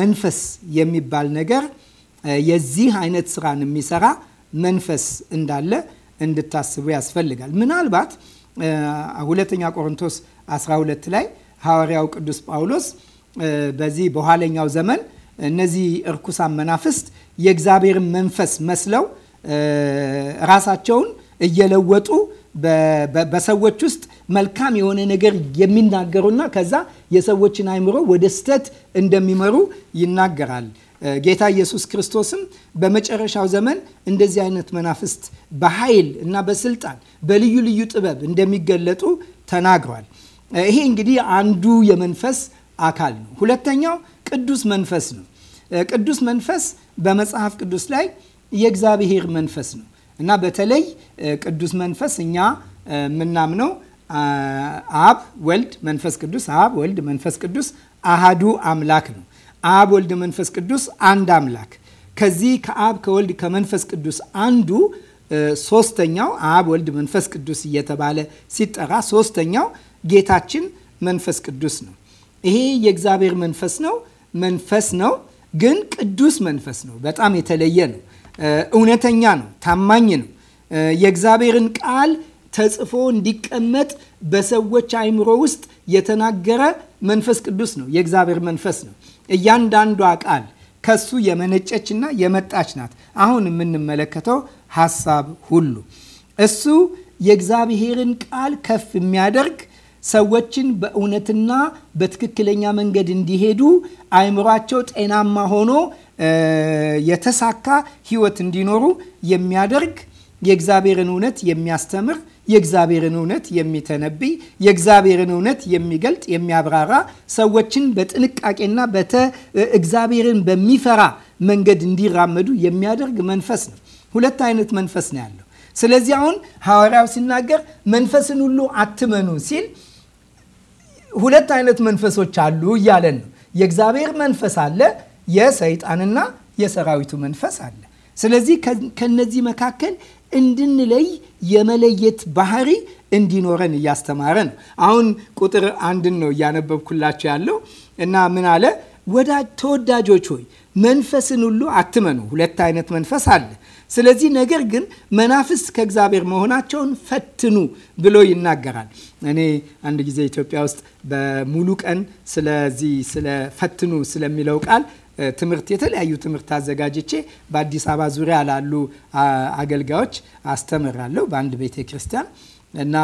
መንፈስ የሚባል ነገር የዚህ አይነት ስራን የሚሰራ መንፈስ እንዳለ እንድታስቡ ያስፈልጋል። ምናልባት ሁለተኛ ቆሮንቶስ 12 ላይ ሐዋርያው ቅዱስ ጳውሎስ በዚህ በኋለኛው ዘመን እነዚህ እርኩሳን መናፍስት የእግዚአብሔርን መንፈስ መስለው ራሳቸውን እየለወጡ በሰዎች ውስጥ መልካም የሆነ ነገር የሚናገሩና ከዛ የሰዎችን አይምሮ ወደ ስተት እንደሚመሩ ይናገራል። ጌታ ኢየሱስ ክርስቶስም በመጨረሻው ዘመን እንደዚህ አይነት መናፍስት በኃይል እና በስልጣን በልዩ ልዩ ጥበብ እንደሚገለጡ ተናግሯል። ይሄ እንግዲህ አንዱ የመንፈስ አካል ነው። ሁለተኛው ቅዱስ መንፈስ ነው። ቅዱስ መንፈስ በመጽሐፍ ቅዱስ ላይ የእግዚአብሔር መንፈስ ነው እና በተለይ ቅዱስ መንፈስ እኛ የምናምነው አብ ወልድ መንፈስ ቅዱስ አብ ወልድ መንፈስ ቅዱስ አሃዱ አምላክ ነው። አብ ወልድ መንፈስ ቅዱስ አንድ አምላክ ከዚህ ከአብ ከወልድ ከመንፈስ ቅዱስ አንዱ ሶስተኛው አብ ወልድ መንፈስ ቅዱስ እየተባለ ሲጠራ ሶስተኛው ጌታችን መንፈስ ቅዱስ ነው። ይሄ የእግዚአብሔር መንፈስ ነው። መንፈስ ነው ግን ቅዱስ መንፈስ ነው። በጣም የተለየ ነው። እውነተኛ ነው። ታማኝ ነው። የእግዚአብሔርን ቃል ተጽፎ እንዲቀመጥ በሰዎች አይምሮ ውስጥ የተናገረ መንፈስ ቅዱስ ነው። የእግዚአብሔር መንፈስ ነው። እያንዳንዷ ቃል ከሱ የመነጨችና የመጣች ናት። አሁን የምንመለከተው ሀሳብ ሁሉ እሱ የእግዚአብሔርን ቃል ከፍ የሚያደርግ ሰዎችን በእውነትና በትክክለኛ መንገድ እንዲሄዱ አይምሯቸው ጤናማ ሆኖ የተሳካ ህይወት እንዲኖሩ የሚያደርግ የእግዚአብሔርን እውነት የሚያስተምር የእግዚአብሔርን እውነት የሚተነብይ የእግዚአብሔርን እውነት የሚገልጥ የሚያብራራ ሰዎችን በጥንቃቄና በተ እግዚአብሔርን በሚፈራ መንገድ እንዲራመዱ የሚያደርግ መንፈስ ነው። ሁለት አይነት መንፈስ ነው ያለው። ስለዚህ አሁን ሐዋርያው ሲናገር መንፈስን ሁሉ አትመኑ ሲል ሁለት አይነት መንፈሶች አሉ እያለን ነው። የእግዚአብሔር መንፈስ አለ፣ የሰይጣንና የሰራዊቱ መንፈስ አለ። ስለዚህ ከነዚህ መካከል እንድንለይ የመለየት ባህሪ እንዲኖረን እያስተማረ ነው። አሁን ቁጥር አንድን ነው እያነበብኩላቸው ያለው እና ምን አለ? ወዳጅ ተወዳጆች ሆይ መንፈስን ሁሉ አትመኑ። ሁለት አይነት መንፈስ አለ። ስለዚህ ነገር ግን መናፍስት ከእግዚአብሔር መሆናቸውን ፈትኑ ብሎ ይናገራል። እኔ አንድ ጊዜ ኢትዮጵያ ውስጥ በሙሉ ቀን ስለዚህ ስለ ፈትኑ ስለሚለው ቃል ትምህርት የተለያዩ ትምህርት አዘጋጅቼ በአዲስ አበባ ዙሪያ ላሉ አገልጋዮች አስተምራለሁ በአንድ ቤተ ክርስቲያን እና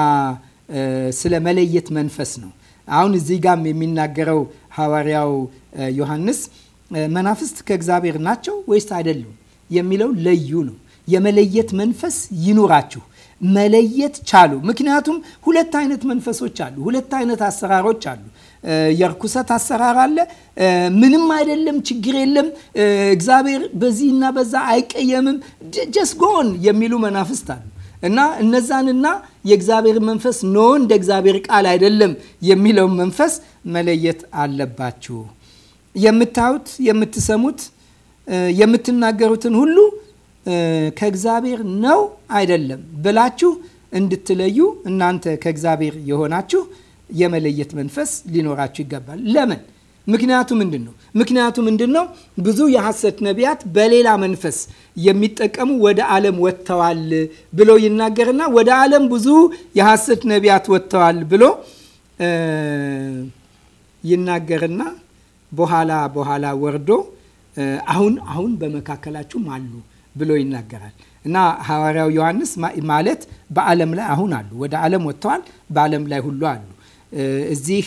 ስለ መለየት መንፈስ ነው። አሁን እዚህ ጋም የሚናገረው ሐዋርያው ዮሐንስ መናፍስት ከእግዚአብሔር ናቸው ወይስ አይደሉም የሚለው ለዩ ነው። የመለየት መንፈስ ይኑራችሁ። መለየት ቻሉ። ምክንያቱም ሁለት አይነት መንፈሶች አሉ። ሁለት አይነት አሰራሮች አሉ። የርኩሰት አሰራር አለ። ምንም አይደለም፣ ችግር የለም፣ እግዚአብሔር እና በዛ አይቀየምም፣ ጀስ ጎን የሚሉ መናፍስት አሉ እና እነዛንና የእግዚአብሔር መንፈስ ኖ እንደ እግዚአብሔር ቃል አይደለም የሚለውን መንፈስ መለየት አለባችሁ። የምታዩት የምትሰሙት የምትናገሩትን ሁሉ ከእግዚአብሔር ነው አይደለም ብላችሁ እንድትለዩ እናንተ ከእግዚአብሔር የሆናችሁ የመለየት መንፈስ ሊኖራችሁ ይገባል። ለምን? ምክንያቱ ምንድን ነው? ምክንያቱ ምንድን ነው? ብዙ የሐሰት ነቢያት በሌላ መንፈስ የሚጠቀሙ ወደ ዓለም ወጥተዋል ብሎ ይናገርና ወደ ዓለም ብዙ የሐሰት ነቢያት ወጥተዋል ብሎ ይናገርና በኋላ በኋላ ወርዶ አሁን አሁን በመካከላችሁም አሉ ብሎ ይናገራል እና ሐዋርያው ዮሐንስ ማለት በዓለም ላይ አሁን አሉ፣ ወደ ዓለም ወጥተዋል፣ በዓለም ላይ ሁሉ አሉ። እዚህ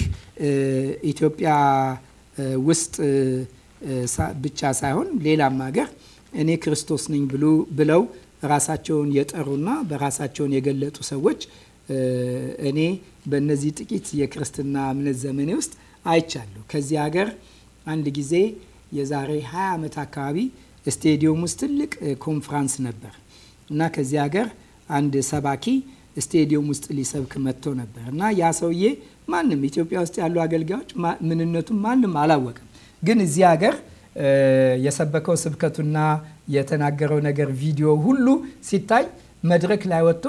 ኢትዮጵያ ውስጥ ብቻ ሳይሆን ሌላም ሀገር እኔ ክርስቶስ ነኝ ብሉ ብለው ራሳቸውን የጠሩና በራሳቸውን የገለጡ ሰዎች እኔ በእነዚህ ጥቂት የክርስትና እምነት ዘመኔ ውስጥ አይቻለሁ። ከዚህ ሀገር አንድ ጊዜ የዛሬ 20 ዓመት አካባቢ ስቴዲየም ውስጥ ትልቅ ኮንፍራንስ ነበር እና ከዚህ ሀገር አንድ ሰባኪ ስቴዲየም ውስጥ ሊሰብክ መጥቶ ነበር እና ያ ሰውዬ ማንም ኢትዮጵያ ውስጥ ያሉ አገልጋዮች ምንነቱን ማንም አላወቅም። ግን እዚህ ሀገር የሰበከው ስብከቱና የተናገረው ነገር ቪዲዮ ሁሉ ሲታይ መድረክ ላይ ወጥቶ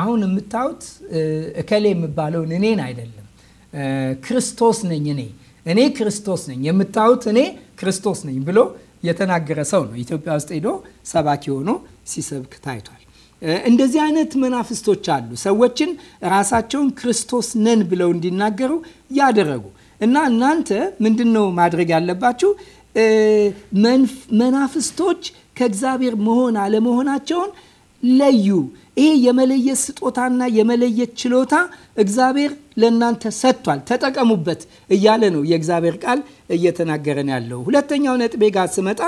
አሁን የምታዩት እከሌ የምባለውን እኔን አይደለም ክርስቶስ ነኝ እኔ እኔ ክርስቶስ ነኝ፣ የምታዩት እኔ ክርስቶስ ነኝ ብሎ የተናገረ ሰው ነው። ኢትዮጵያ ውስጥ ሄዶ ሰባኪ ሆኖ ሲሰብክ ታይቷል። እንደዚህ አይነት መናፍስቶች አሉ። ሰዎችን ራሳቸውን ክርስቶስ ነን ብለው እንዲናገሩ ያደረጉ እና እናንተ ምንድን ነው ማድረግ ያለባችሁ? መናፍስቶች ከእግዚአብሔር መሆን አለመሆናቸውን ለዩ። ይሄ የመለየት ስጦታና የመለየት ችሎታ እግዚአብሔር ለእናንተ ሰጥቷል፣ ተጠቀሙበት እያለ ነው የእግዚአብሔር ቃል እየተናገረን ያለው። ሁለተኛው ነጥቤ ጋር ስመጣ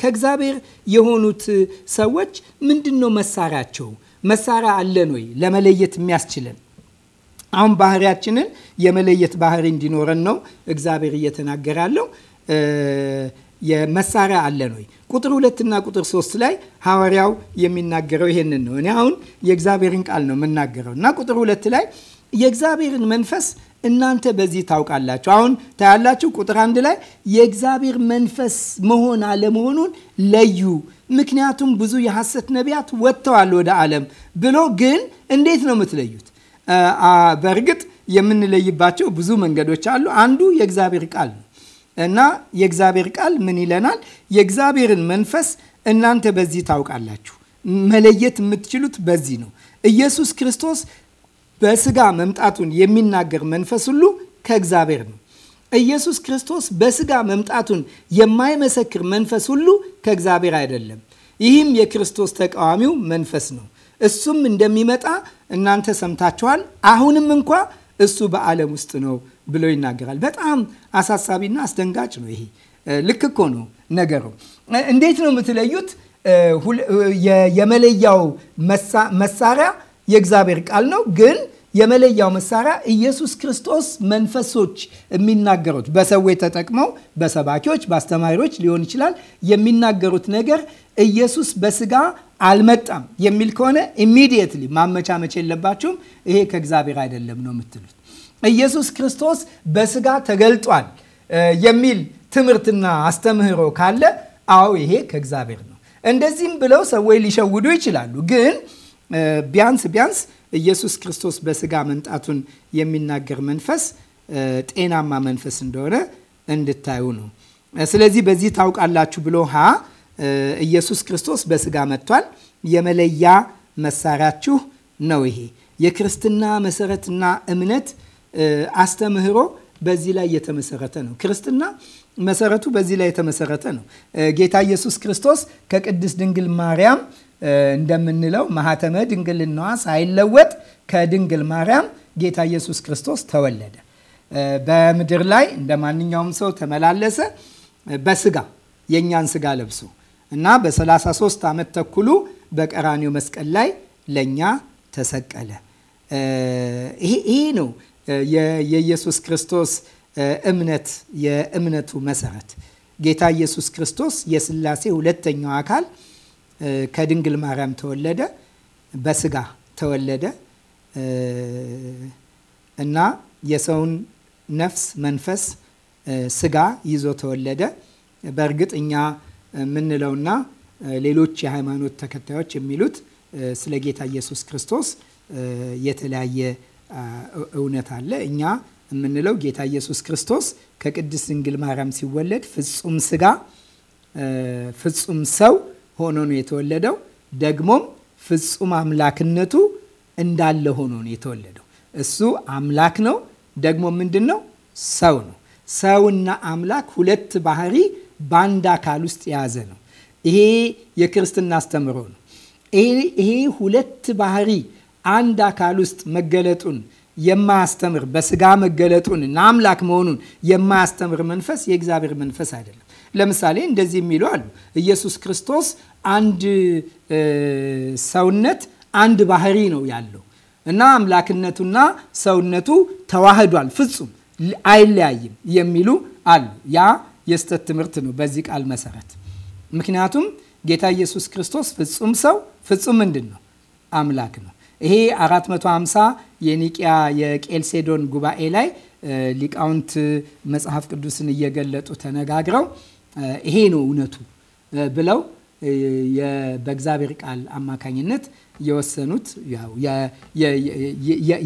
ከእግዚአብሔር የሆኑት ሰዎች ምንድን ነው መሳሪያቸው? መሳሪያ አለን ወይ ለመለየት የሚያስችለን? አሁን ባህሪያችንን የመለየት ባህሪ እንዲኖረን ነው እግዚአብሔር እየተናገረ ያለው። የመሳሪያ አለን ወይ? ቁጥር ሁለትና ቁጥር ሶስት ላይ ሐዋርያው የሚናገረው ይሄንን ነው። እኔ አሁን የእግዚአብሔርን ቃል ነው የምናገረው እና ቁጥር ሁለት ላይ የእግዚአብሔርን መንፈስ እናንተ በዚህ ታውቃላችሁ። አሁን ታያላችሁ። ቁጥር አንድ ላይ የእግዚአብሔር መንፈስ መሆን አለመሆኑን ለዩ፣ ምክንያቱም ብዙ የሐሰት ነቢያት ወጥተዋል ወደ ዓለም ብሎ ግን እንዴት ነው የምትለዩት? በእርግጥ የምንለይባቸው ብዙ መንገዶች አሉ። አንዱ የእግዚአብሔር ቃል ነው እና የእግዚአብሔር ቃል ምን ይለናል? የእግዚአብሔርን መንፈስ እናንተ በዚህ ታውቃላችሁ። መለየት የምትችሉት በዚህ ነው። ኢየሱስ ክርስቶስ በስጋ መምጣቱን የሚናገር መንፈስ ሁሉ ከእግዚአብሔር ነው። ኢየሱስ ክርስቶስ በስጋ መምጣቱን የማይመሰክር መንፈስ ሁሉ ከእግዚአብሔር አይደለም። ይህም የክርስቶስ ተቃዋሚው መንፈስ ነው። እሱም እንደሚመጣ እናንተ ሰምታችኋል። አሁንም እንኳ እሱ በዓለም ውስጥ ነው ብሎ ይናገራል። በጣም አሳሳቢና አስደንጋጭ ነው። ይሄ ልክ እኮ ነው ነገሩ። እንዴት ነው የምትለዩት? የመለያው መሳሪያ የእግዚአብሔር ቃል ነው ግን የመለያው መሳሪያ ኢየሱስ ክርስቶስ መንፈሶች የሚናገሩት በሰዎች ተጠቅመው በሰባኪዎች በአስተማሪዎች ሊሆን ይችላል የሚናገሩት ነገር ኢየሱስ በስጋ አልመጣም የሚል ከሆነ ኢሚዲየትሊ ማመቻመች የለባችሁም። ይሄ ከእግዚአብሔር አይደለም ነው የምትሉት። ኢየሱስ ክርስቶስ በስጋ ተገልጧል የሚል ትምህርትና አስተምህሮ ካለ አዎ ይሄ ከእግዚአብሔር ነው። እንደዚህም ብለው ሰዎች ሊሸውዱ ይችላሉ ግን ቢያንስ ቢያንስ ኢየሱስ ክርስቶስ በስጋ መምጣቱን የሚናገር መንፈስ ጤናማ መንፈስ እንደሆነ እንድታዩ ነው። ስለዚህ በዚህ ታውቃላችሁ ብሎ ሀ ኢየሱስ ክርስቶስ በስጋ መጥቷል። የመለያ መሳሪያችሁ ነው። ይሄ የክርስትና መሰረትና እምነት አስተምህሮ በዚህ ላይ የተመሰረተ ነው። ክርስትና መሰረቱ በዚህ ላይ የተመሰረተ ነው። ጌታ ኢየሱስ ክርስቶስ ከቅድስት ድንግል ማርያም እንደምንለው ማህተመ ድንግልናዋ ሳይለወጥ ከድንግል ማርያም ጌታ ኢየሱስ ክርስቶስ ተወለደ። በምድር ላይ እንደ ማንኛውም ሰው ተመላለሰ በስጋ የእኛን ስጋ ለብሶ እና በ33 ዓመት ተኩሉ በቀራኒው መስቀል ላይ ለእኛ ተሰቀለ። ይሄ ነው የኢየሱስ ክርስቶስ እምነት፣ የእምነቱ መሰረት ጌታ ኢየሱስ ክርስቶስ የስላሴ ሁለተኛው አካል ከድንግል ማርያም ተወለደ፣ በስጋ ተወለደ እና የሰውን ነፍስ፣ መንፈስ፣ ስጋ ይዞ ተወለደ። በእርግጥ እኛ የምንለውና ሌሎች የሃይማኖት ተከታዮች የሚሉት ስለ ጌታ ኢየሱስ ክርስቶስ የተለያየ እውነት አለ። እኛ የምንለው ጌታ ኢየሱስ ክርስቶስ ከቅድስት ድንግል ማርያም ሲወለድ ፍጹም ስጋ፣ ፍጹም ሰው ሆኖ ነው የተወለደው። ደግሞም ፍጹም አምላክነቱ እንዳለ ሆኖ ነው የተወለደው። እሱ አምላክ ነው፣ ደግሞ ምንድን ነው? ሰው ነው። ሰውና አምላክ ሁለት ባህሪ በአንድ አካል ውስጥ የያዘ ነው። ይሄ የክርስትና አስተምሮ ነው። ይሄ ሁለት ባህሪ አንድ አካል ውስጥ መገለጡን የማያስተምር በስጋ መገለጡን እና አምላክ መሆኑን የማያስተምር መንፈስ የእግዚአብሔር መንፈስ አይደለም። ለምሳሌ እንደዚህ የሚሉ አሉ። ኢየሱስ ክርስቶስ አንድ ሰውነት አንድ ባህሪ ነው ያለው እና አምላክነቱና ሰውነቱ ተዋህዷል፣ ፍጹም አይለያይም የሚሉ አሉ። ያ የስተት ትምህርት ነው በዚህ ቃል መሰረት። ምክንያቱም ጌታ ኢየሱስ ክርስቶስ ፍጹም ሰው ፍጹም ምንድን ነው አምላክ ነው። ይሄ 450 የኒቅያ የቄልሴዶን ጉባኤ ላይ ሊቃውንት መጽሐፍ ቅዱስን እየገለጡ ተነጋግረው ይሄ ነው እውነቱ ብለው በእግዚአብሔር ቃል አማካኝነት የወሰኑት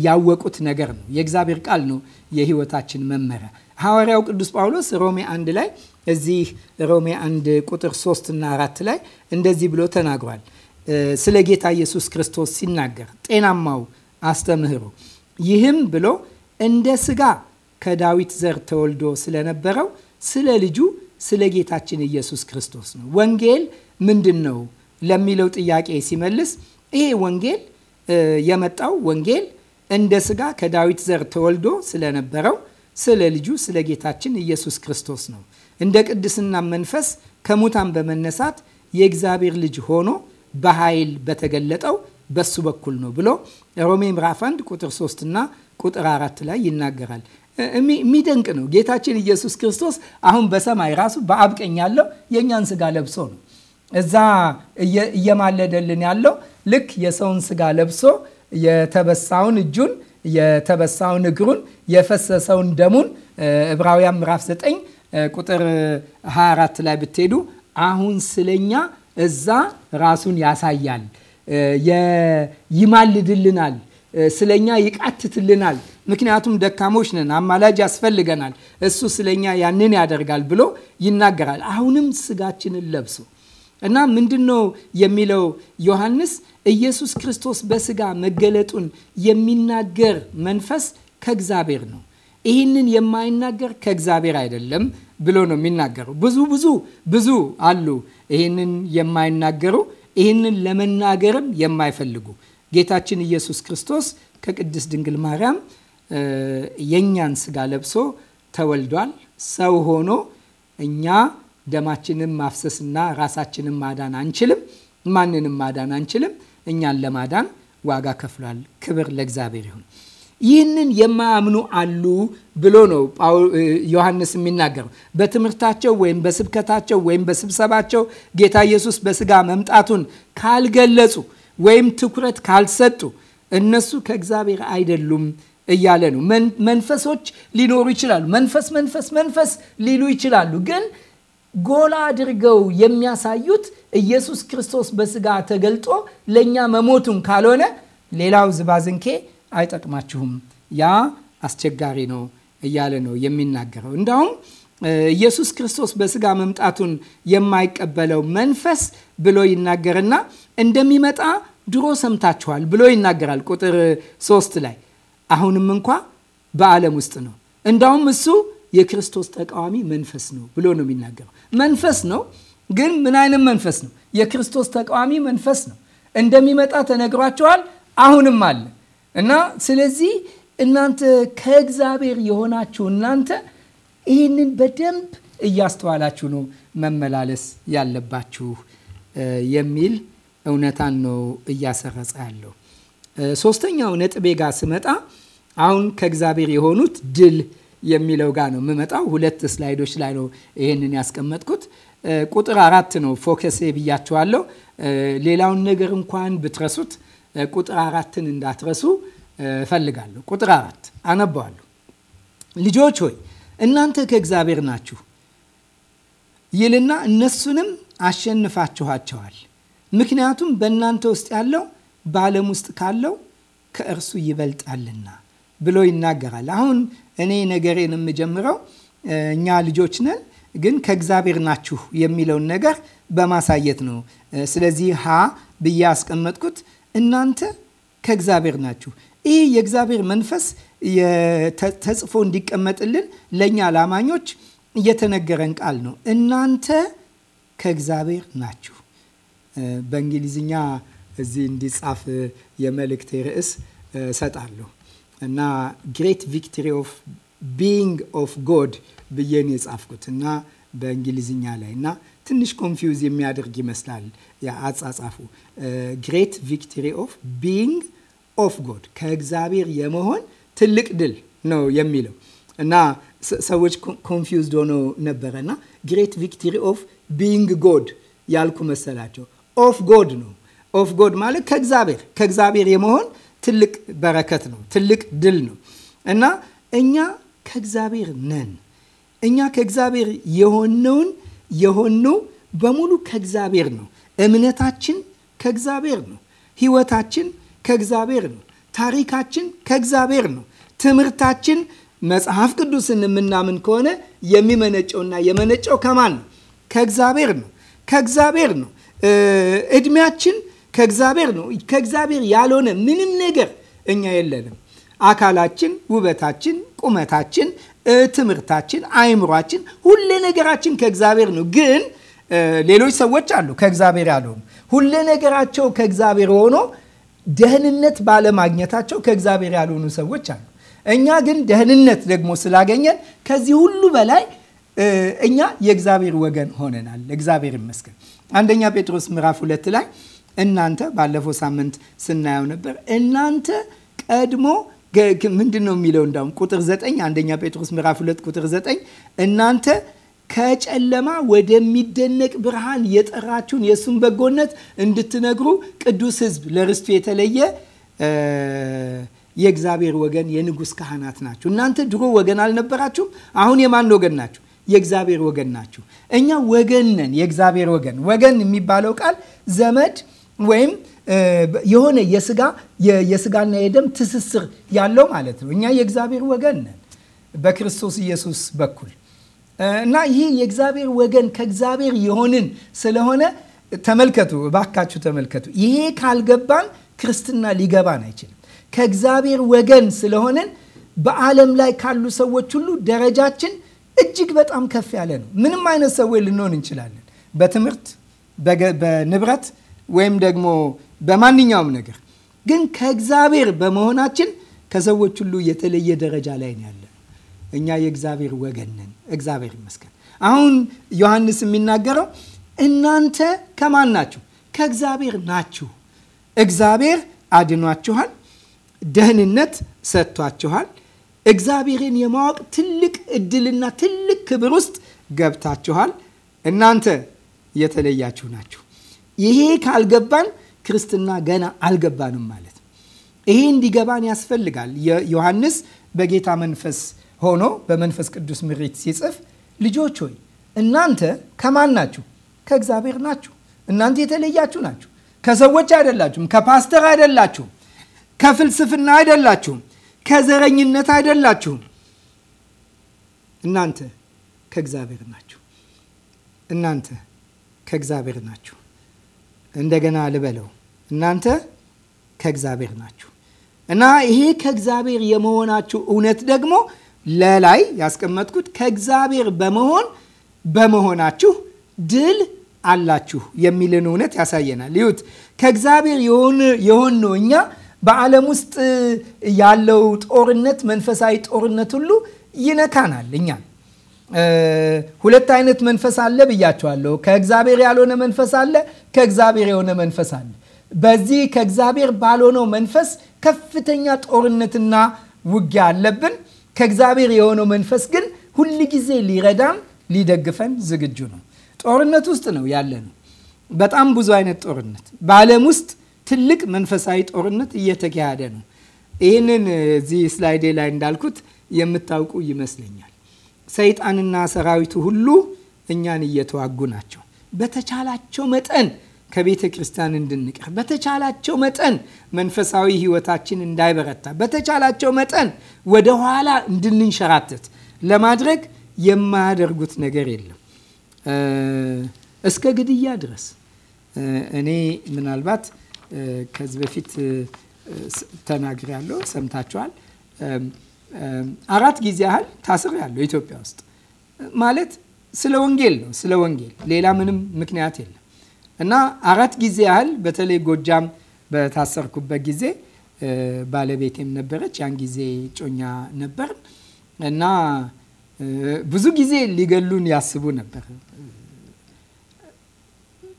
ያወቁት ነገር ነው። የእግዚአብሔር ቃል ነው የህይወታችን መመሪያ። ሐዋርያው ቅዱስ ጳውሎስ ሮሜ አንድ ላይ እዚህ ሮሜ አንድ ቁጥር ሶስት እና አራት ላይ እንደዚህ ብሎ ተናግሯል። ስለ ጌታ ኢየሱስ ክርስቶስ ሲናገር ጤናማው አስተምህሮ ይህም ብሎ እንደ ስጋ ከዳዊት ዘር ተወልዶ ስለነበረው ስለ ልጁ ስለ ጌታችን ኢየሱስ ክርስቶስ ነው። ወንጌል ምንድን ነው ለሚለው ጥያቄ ሲመልስ ይሄ ወንጌል የመጣው ወንጌል እንደ ስጋ ከዳዊት ዘር ተወልዶ ስለነበረው ስለ ልጁ ስለ ጌታችን ኢየሱስ ክርስቶስ ነው። እንደ ቅድስና መንፈስ ከሙታን በመነሳት የእግዚአብሔር ልጅ ሆኖ በኃይል በተገለጠው በሱ በኩል ነው ብሎ ሮሜ ምዕራፍ 1 ቁጥር 3 እና ቁጥር 4 ላይ ይናገራል። የሚደንቅ ነው። ጌታችን ኢየሱስ ክርስቶስ አሁን በሰማይ ራሱ በአብቀኝ ያለው የእኛን ስጋ ለብሶ ነው እዛ እየማለደልን ያለው ልክ የሰውን ስጋ ለብሶ የተበሳውን እጁን የተበሳውን እግሩን የፈሰሰውን ደሙን ዕብራውያን ምዕራፍ 9 ቁጥር 24 ላይ ብትሄዱ አሁን ስለኛ እዛ ራሱን ያሳያል፣ ይማልድልናል፣ ስለኛ ይቃትትልናል ምክንያቱም ደካሞች ነን፣ አማላጅ ያስፈልገናል፣ እሱ ስለኛ ያንን ያደርጋል ብሎ ይናገራል። አሁንም ስጋችንን ለብሶ እና ምንድን ነው የሚለው ዮሐንስ ኢየሱስ ክርስቶስ በስጋ መገለጡን የሚናገር መንፈስ ከእግዚአብሔር ነው፣ ይህንን የማይናገር ከእግዚአብሔር አይደለም ብሎ ነው የሚናገረው። ብዙ ብዙ ብዙ አሉ ይህንን የማይናገሩ ይህንን ለመናገርም የማይፈልጉ ጌታችን ኢየሱስ ክርስቶስ ከቅድስት ድንግል ማርያም የእኛን ስጋ ለብሶ ተወልዷል። ሰው ሆኖ እኛ ደማችንን ማፍሰስና ራሳችንን ማዳን አንችልም። ማንንም ማዳን አንችልም። እኛን ለማዳን ዋጋ ከፍሏል። ክብር ለእግዚአብሔር ይሁን። ይህንን የማያምኑ አሉ ብሎ ነው ዮሐንስ የሚናገረው። በትምህርታቸው ወይም በስብከታቸው ወይም በስብሰባቸው ጌታ ኢየሱስ በስጋ መምጣቱን ካልገለጹ ወይም ትኩረት ካልሰጡ እነሱ ከእግዚአብሔር አይደሉም እያለ ነው። መንፈሶች ሊኖሩ ይችላሉ። መንፈስ መንፈስ መንፈስ ሊሉ ይችላሉ። ግን ጎላ አድርገው የሚያሳዩት ኢየሱስ ክርስቶስ በስጋ ተገልጦ ለእኛ መሞቱን ካልሆነ ሌላው ዝባዝንኬ አይጠቅማችሁም፣ ያ አስቸጋሪ ነው እያለ ነው የሚናገረው። እንዳውም ኢየሱስ ክርስቶስ በስጋ መምጣቱን የማይቀበለው መንፈስ ብሎ ይናገርና እንደሚመጣ ድሮ ሰምታችኋል ብሎ ይናገራል ቁጥር ሶስት ላይ አሁንም እንኳ በዓለም ውስጥ ነው። እንዳውም እሱ የክርስቶስ ተቃዋሚ መንፈስ ነው ብሎ ነው የሚናገረው። መንፈስ ነው ግን ምን አይነት መንፈስ ነው? የክርስቶስ ተቃዋሚ መንፈስ ነው። እንደሚመጣ ተነግሯቸዋል። አሁንም አለ እና ስለዚህ እናንተ ከእግዚአብሔር የሆናችሁ እናንተ ይህንን በደንብ እያስተዋላችሁ ነው መመላለስ ያለባችሁ የሚል እውነታን ነው እያሰረጸ ያለው። ሶስተኛው ነጥቤ ጋር ስመጣ አሁን ከእግዚአብሔር የሆኑት ድል የሚለው ጋር ነው የምመጣው። ሁለት ስላይዶች ላይ ነው ይህንን ያስቀመጥኩት። ቁጥር አራት ነው ፎከሴ ብያቸዋለሁ። ሌላውን ነገር እንኳን ብትረሱት ቁጥር አራትን እንዳትረሱ እፈልጋለሁ። ቁጥር አራት አነባዋለሁ። ልጆች ሆይ እናንተ ከእግዚአብሔር ናችሁ ይልና እነሱንም አሸንፋችኋቸዋል፣ ምክንያቱም በእናንተ ውስጥ ያለው በዓለም ውስጥ ካለው ከእርሱ ይበልጣልና ብሎ ይናገራል። አሁን እኔ ነገሬን የምጀምረው እኛ ልጆች ነን፣ ግን ከእግዚአብሔር ናችሁ የሚለውን ነገር በማሳየት ነው። ስለዚህ ሀ ብዬ ያስቀመጥኩት እናንተ ከእግዚአብሔር ናችሁ። ይህ የእግዚአብሔር መንፈስ ተጽፎ እንዲቀመጥልን ለእኛ ላማኞች እየተነገረን ቃል ነው። እናንተ ከእግዚአብሔር ናችሁ። በእንግሊዝኛ እዚህ እንዲጻፍ የመልእክቴ ርዕስ እሰጣለሁ እና ግሬት ቪክትሪ ኦፍ ቢንግ ኦፍ ጎድ ብዬን የጻፍኩት እና በእንግሊዝኛ ላይ እና ትንሽ ኮንፊውዝ የሚያደርግ ይመስላል አጻጻፉ። ግሬት ቪክትሪ ኦፍ ቢንግ ኦፍ ጎድ ከእግዚአብሔር የመሆን ትልቅ ድል ነው የሚለው እና ሰዎች ኮንፊውዝድ ሆነው ነበረ እና ግሬት ቪክትሪ ኦፍ ቢንግ ጎድ ያልኩ መሰላቸው። ኦፍ ጎድ ነው ኦፍ ጎድ ማለት ከእግዚአብሔር ከእግዚአብሔር የመሆን ትልቅ በረከት ነው፣ ትልቅ ድል ነው እና እኛ ከእግዚአብሔር ነን። እኛ ከእግዚአብሔር የሆነውን የሆነው በሙሉ ከእግዚአብሔር ነው። እምነታችን ከእግዚአብሔር ነው። ህይወታችን ከእግዚአብሔር ነው። ታሪካችን ከእግዚአብሔር ነው። ትምህርታችን መጽሐፍ ቅዱስን የምናምን ከሆነ የሚመነጨውና የመነጨው ከማን ነው? ከእግዚአብሔር ነው። ከእግዚአብሔር ነው። እድሜያችን ከእግዚአብሔር ነው። ከእግዚአብሔር ያልሆነ ምንም ነገር እኛ የለንም። አካላችን፣ ውበታችን፣ ቁመታችን፣ ትምህርታችን፣ አይምሯችን ሁሌ ነገራችን ከእግዚአብሔር ነው። ግን ሌሎች ሰዎች አሉ ከእግዚአብሔር ያልሆኑ ሁሌ ነገራቸው ከእግዚአብሔር ሆኖ ደህንነት ባለማግኘታቸው ከእግዚአብሔር ያልሆኑ ሰዎች አሉ። እኛ ግን ደህንነት ደግሞ ስላገኘን ከዚህ ሁሉ በላይ እኛ የእግዚአብሔር ወገን ሆነናል። እግዚአብሔር ይመስገን። አንደኛ ጴጥሮስ ምዕራፍ ሁለት ላይ እናንተ ባለፈው ሳምንት ስናየው ነበር። እናንተ ቀድሞ ምንድን ነው የሚለው? እንዳውም ቁጥር ዘጠኝ አንደኛ ጴጥሮስ ምዕራፍ ሁለት ቁጥር ዘጠኝ እናንተ ከጨለማ ወደሚደነቅ ብርሃን የጠራችሁን የእሱን በጎነት እንድትነግሩ ቅዱስ ሕዝብ ለርስቱ የተለየ የእግዚአብሔር ወገን የንጉሥ ካህናት ናችሁ። እናንተ ድሮ ወገን አልነበራችሁም። አሁን የማን ወገን ናችሁ? የእግዚአብሔር ወገን ናችሁ። እኛ ወገን ነን፣ የእግዚአብሔር ወገን። ወገን የሚባለው ቃል ዘመድ ወይም የሆነ የስጋ የስጋና የደም ትስስር ያለው ማለት ነው። እኛ የእግዚአብሔር ወገን ነን በክርስቶስ ኢየሱስ በኩል እና ይህ የእግዚአብሔር ወገን ከእግዚአብሔር የሆንን ስለሆነ ተመልከቱ፣ እባካችሁ ተመልከቱ። ይሄ ካልገባን ክርስትና ሊገባን አይችልም። ከእግዚአብሔር ወገን ስለሆንን በዓለም ላይ ካሉ ሰዎች ሁሉ ደረጃችን እጅግ በጣም ከፍ ያለ ነው። ምንም አይነት ሰዎች ልንሆን እንችላለን፣ በትምህርት፣ በንብረት ወይም ደግሞ በማንኛውም ነገር ግን ከእግዚአብሔር በመሆናችን ከሰዎች ሁሉ የተለየ ደረጃ ላይ ነው ያለ። እኛ የእግዚአብሔር ወገን ነን። እግዚአብሔር ይመስገን። አሁን ዮሐንስ የሚናገረው እናንተ ከማን ናችሁ? ከእግዚአብሔር ናችሁ። እግዚአብሔር አድኗችኋል። ደህንነት ሰጥቷችኋል። እግዚአብሔርን የማወቅ ትልቅ እድልና ትልቅ ክብር ውስጥ ገብታችኋል። እናንተ የተለያችሁ ናችሁ። ይሄ ካልገባን ክርስትና ገና አልገባንም ማለት ነው። ይሄ እንዲገባን ያስፈልጋል። ዮሐንስ በጌታ መንፈስ ሆኖ በመንፈስ ቅዱስ ምሪት ሲጽፍ ልጆች ሆይ እናንተ ከማን ናችሁ? ከእግዚአብሔር ናችሁ። እናንተ የተለያችሁ ናችሁ። ከሰዎች አይደላችሁም። ከፓስተር አይደላችሁም። ከፍልስፍና አይደላችሁም። ከዘረኝነት አይደላችሁም። እናንተ ከእግዚአብሔር ናችሁ። እናንተ ከእግዚአብሔር ናችሁ። እንደገና ልበለው፣ እናንተ ከእግዚአብሔር ናችሁ እና ይሄ ከእግዚአብሔር የመሆናችሁ እውነት ደግሞ ለላይ ያስቀመጥኩት ከእግዚአብሔር በመሆን በመሆናችሁ ድል አላችሁ የሚልን እውነት ያሳየናል። ይሁት ከእግዚአብሔር ነው እኛ በዓለም ውስጥ ያለው ጦርነት መንፈሳዊ ጦርነት ሁሉ ይነካናል እኛን ሁለት አይነት መንፈስ አለ ብያቸዋለሁ። ከእግዚአብሔር ያልሆነ መንፈስ አለ፣ ከእግዚአብሔር የሆነ መንፈስ አለ። በዚህ ከእግዚአብሔር ባልሆነው መንፈስ ከፍተኛ ጦርነትና ውጊያ አለብን። ከእግዚአብሔር የሆነው መንፈስ ግን ሁል ጊዜ ሊረዳን ሊደግፈን ዝግጁ ነው። ጦርነት ውስጥ ነው ያለ ነው። በጣም ብዙ አይነት ጦርነት በዓለም ውስጥ ትልቅ መንፈሳዊ ጦርነት እየተካሄደ ነው። ይህንን እዚህ ስላይዴ ላይ እንዳልኩት የምታውቁ ይመስለኛል። ሰይጣንና ሰራዊቱ ሁሉ እኛን እየተዋጉ ናቸው። በተቻላቸው መጠን ከቤተ ክርስቲያን እንድንቀር፣ በተቻላቸው መጠን መንፈሳዊ ህይወታችን እንዳይበረታ፣ በተቻላቸው መጠን ወደ ኋላ እንድንንሸራተት ለማድረግ የማያደርጉት ነገር የለም እስከ ግድያ ድረስ። እኔ ምናልባት ከዚህ በፊት ተናግሬያለሁ፣ ሰምታችኋል። አራት ጊዜ ያህል ታስር ያለው ኢትዮጵያ ውስጥ ማለት ስለ ወንጌል ነው። ስለ ወንጌል ሌላ ምንም ምክንያት የለም እና አራት ጊዜ ያህል በተለይ ጎጃም በታሰርኩበት ጊዜ ባለቤቴም ነበረች። ያን ጊዜ ጮኛ ነበር እና ብዙ ጊዜ ሊገሉን ያስቡ ነበር።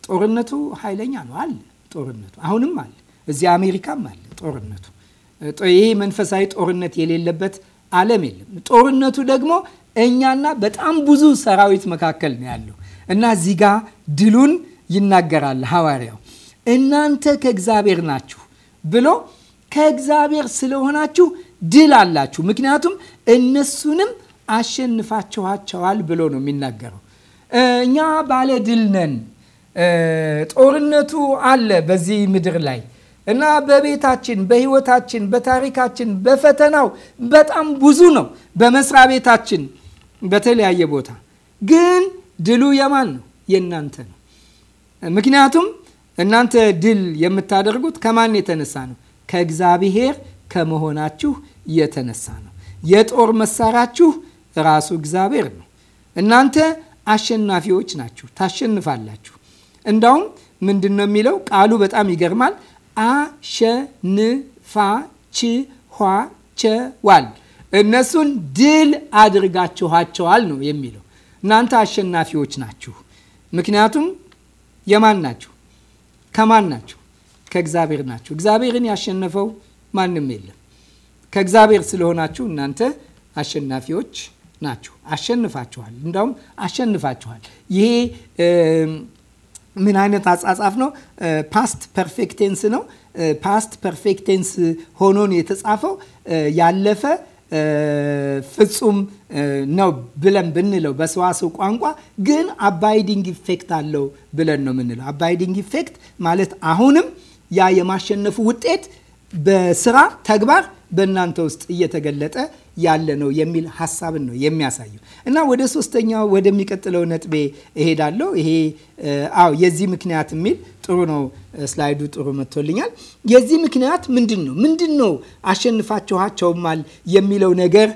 ጦርነቱ ኃይለኛ ነው አለ ጦርነቱ አሁንም አለ። እዚህ አሜሪካም አለ ጦርነቱ ይህ መንፈሳዊ ጦርነት የሌለበት ዓለም የለም። ጦርነቱ ደግሞ እኛና በጣም ብዙ ሰራዊት መካከል ነው ያለው እና እዚህ ጋ ድሉን ይናገራል ሐዋርያው እናንተ ከእግዚአብሔር ናችሁ ብሎ ከእግዚአብሔር ስለሆናችሁ ድል አላችሁ፣ ምክንያቱም እነሱንም አሸንፋችኋቸዋል ብሎ ነው የሚናገረው። እኛ ባለ ድል ነን። ጦርነቱ አለ በዚህ ምድር ላይ እና በቤታችን፣ በህይወታችን፣ በታሪካችን፣ በፈተናው በጣም ብዙ ነው። በመስሪያ ቤታችን፣ በተለያየ ቦታ ግን ድሉ የማን ነው? የእናንተ ነው። ምክንያቱም እናንተ ድል የምታደርጉት ከማን የተነሳ ነው? ከእግዚአብሔር ከመሆናችሁ የተነሳ ነው። የጦር መሳሪያችሁ ራሱ እግዚአብሔር ነው። እናንተ አሸናፊዎች ናችሁ፣ ታሸንፋላችሁ። እንዳውም ምንድን ነው የሚለው ቃሉ በጣም ይገርማል። አ እነሱን ድል አድርጋችኋቸዋል ነው የሚለው። እናንተ አሸናፊዎች ናችሁ። ምክንያቱም የማን ናችሁ? ከማን ናችሁ? ከእግዚአብሔር ናችሁ። እግዚአብሔርን ያሸነፈው ማንም የለም። ከእግዚአብሔር ስለሆናችሁ እናንተ አሸናፊዎች ናችሁ። አሸንፋችኋል። እንዳውም አሸንፋችኋል። ይሄ ምን አይነት አጻጻፍ ነው? ፓስት ፐርፌክት ቴንስ ነው። ፓስት ፐርፌክት ቴንስ ሆኖ ነው የተጻፈው። ያለፈ ፍጹም ነው ብለን ብንለው በሰዋሰው ቋንቋ ግን አባይዲንግ ኢፌክት አለው ብለን ነው የምንለው። አባይዲንግ ኢፌክት ማለት አሁንም ያ የማሸነፉ ውጤት በስራ ተግባር በእናንተ ውስጥ እየተገለጠ ያለ ነው የሚል ሀሳብን ነው የሚያሳየው። እና ወደ ሶስተኛው ወደሚቀጥለው ነጥቤ እሄዳለሁ። ይሄ አዎ የዚህ ምክንያት የሚል ጥሩ ነው። ስላይዱ ጥሩ መጥቶልኛል። የዚህ ምክንያት ምንድን ነው? ምንድን ነው አሸንፋችኋቸውማል የሚለው ነገር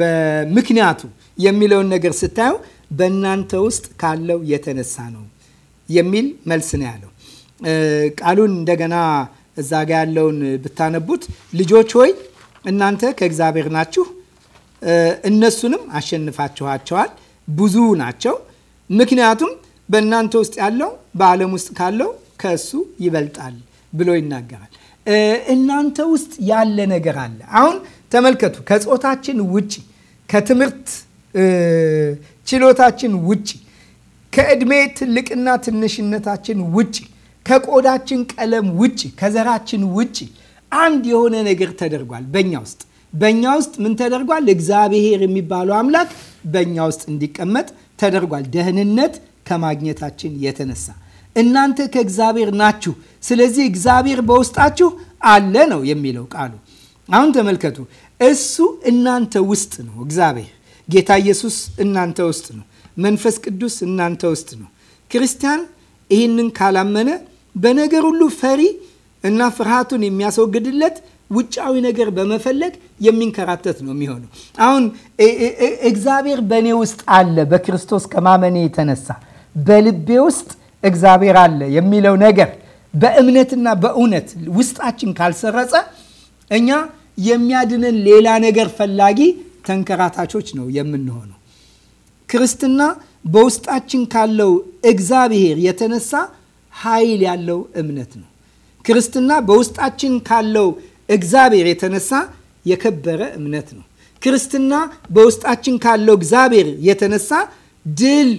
በምክንያቱ የሚለውን ነገር ስታዩ በእናንተ ውስጥ ካለው የተነሳ ነው የሚል መልስ ነው ያለው ቃሉን እንደገና እዛ ጋ ያለውን ብታነቡት ልጆች ሆይ እናንተ ከእግዚአብሔር ናችሁ፣ እነሱንም አሸንፋችኋቸዋል፣ ብዙ ናቸው። ምክንያቱም በእናንተ ውስጥ ያለው በዓለም ውስጥ ካለው ከእሱ ይበልጣል ብሎ ይናገራል። እናንተ ውስጥ ያለ ነገር አለ። አሁን ተመልከቱ። ከጾታችን ውጭ፣ ከትምህርት ችሎታችን ውጭ፣ ከእድሜ ትልቅና ትንሽነታችን ውጭ ከቆዳችን ቀለም ውጭ ከዘራችን ውጭ አንድ የሆነ ነገር ተደርጓል። በእኛ ውስጥ በእኛ ውስጥ ምን ተደርጓል? እግዚአብሔር የሚባለው አምላክ በእኛ ውስጥ እንዲቀመጥ ተደርጓል። ደህንነት ከማግኘታችን የተነሳ እናንተ ከእግዚአብሔር ናችሁ፣ ስለዚህ እግዚአብሔር በውስጣችሁ አለ ነው የሚለው ቃሉ። አሁን ተመልከቱ፣ እሱ እናንተ ውስጥ ነው። እግዚአብሔር ጌታ ኢየሱስ እናንተ ውስጥ ነው። መንፈስ ቅዱስ እናንተ ውስጥ ነው። ክርስቲያን ይህንን ካላመነ በነገር ሁሉ ፈሪ እና ፍርሃቱን የሚያስወግድለት ውጫዊ ነገር በመፈለግ የሚንከራተት ነው የሚሆነው። አሁን እግዚአብሔር በእኔ ውስጥ አለ በክርስቶስ ከማመኔ የተነሳ በልቤ ውስጥ እግዚአብሔር አለ የሚለው ነገር በእምነትና በእውነት ውስጣችን ካልሰረጸ እኛ የሚያድንን ሌላ ነገር ፈላጊ ተንከራታቾች ነው የምንሆነው። ክርስትና በውስጣችን ካለው እግዚአብሔር የተነሳ ኃይል ያለው እምነት ነው። ክርስትና በውስጣችን ካለው እግዚአብሔር የተነሳ የከበረ እምነት ነው። ክርስትና በውስጣችን ካለው እግዚአብሔር የተነሳ ድል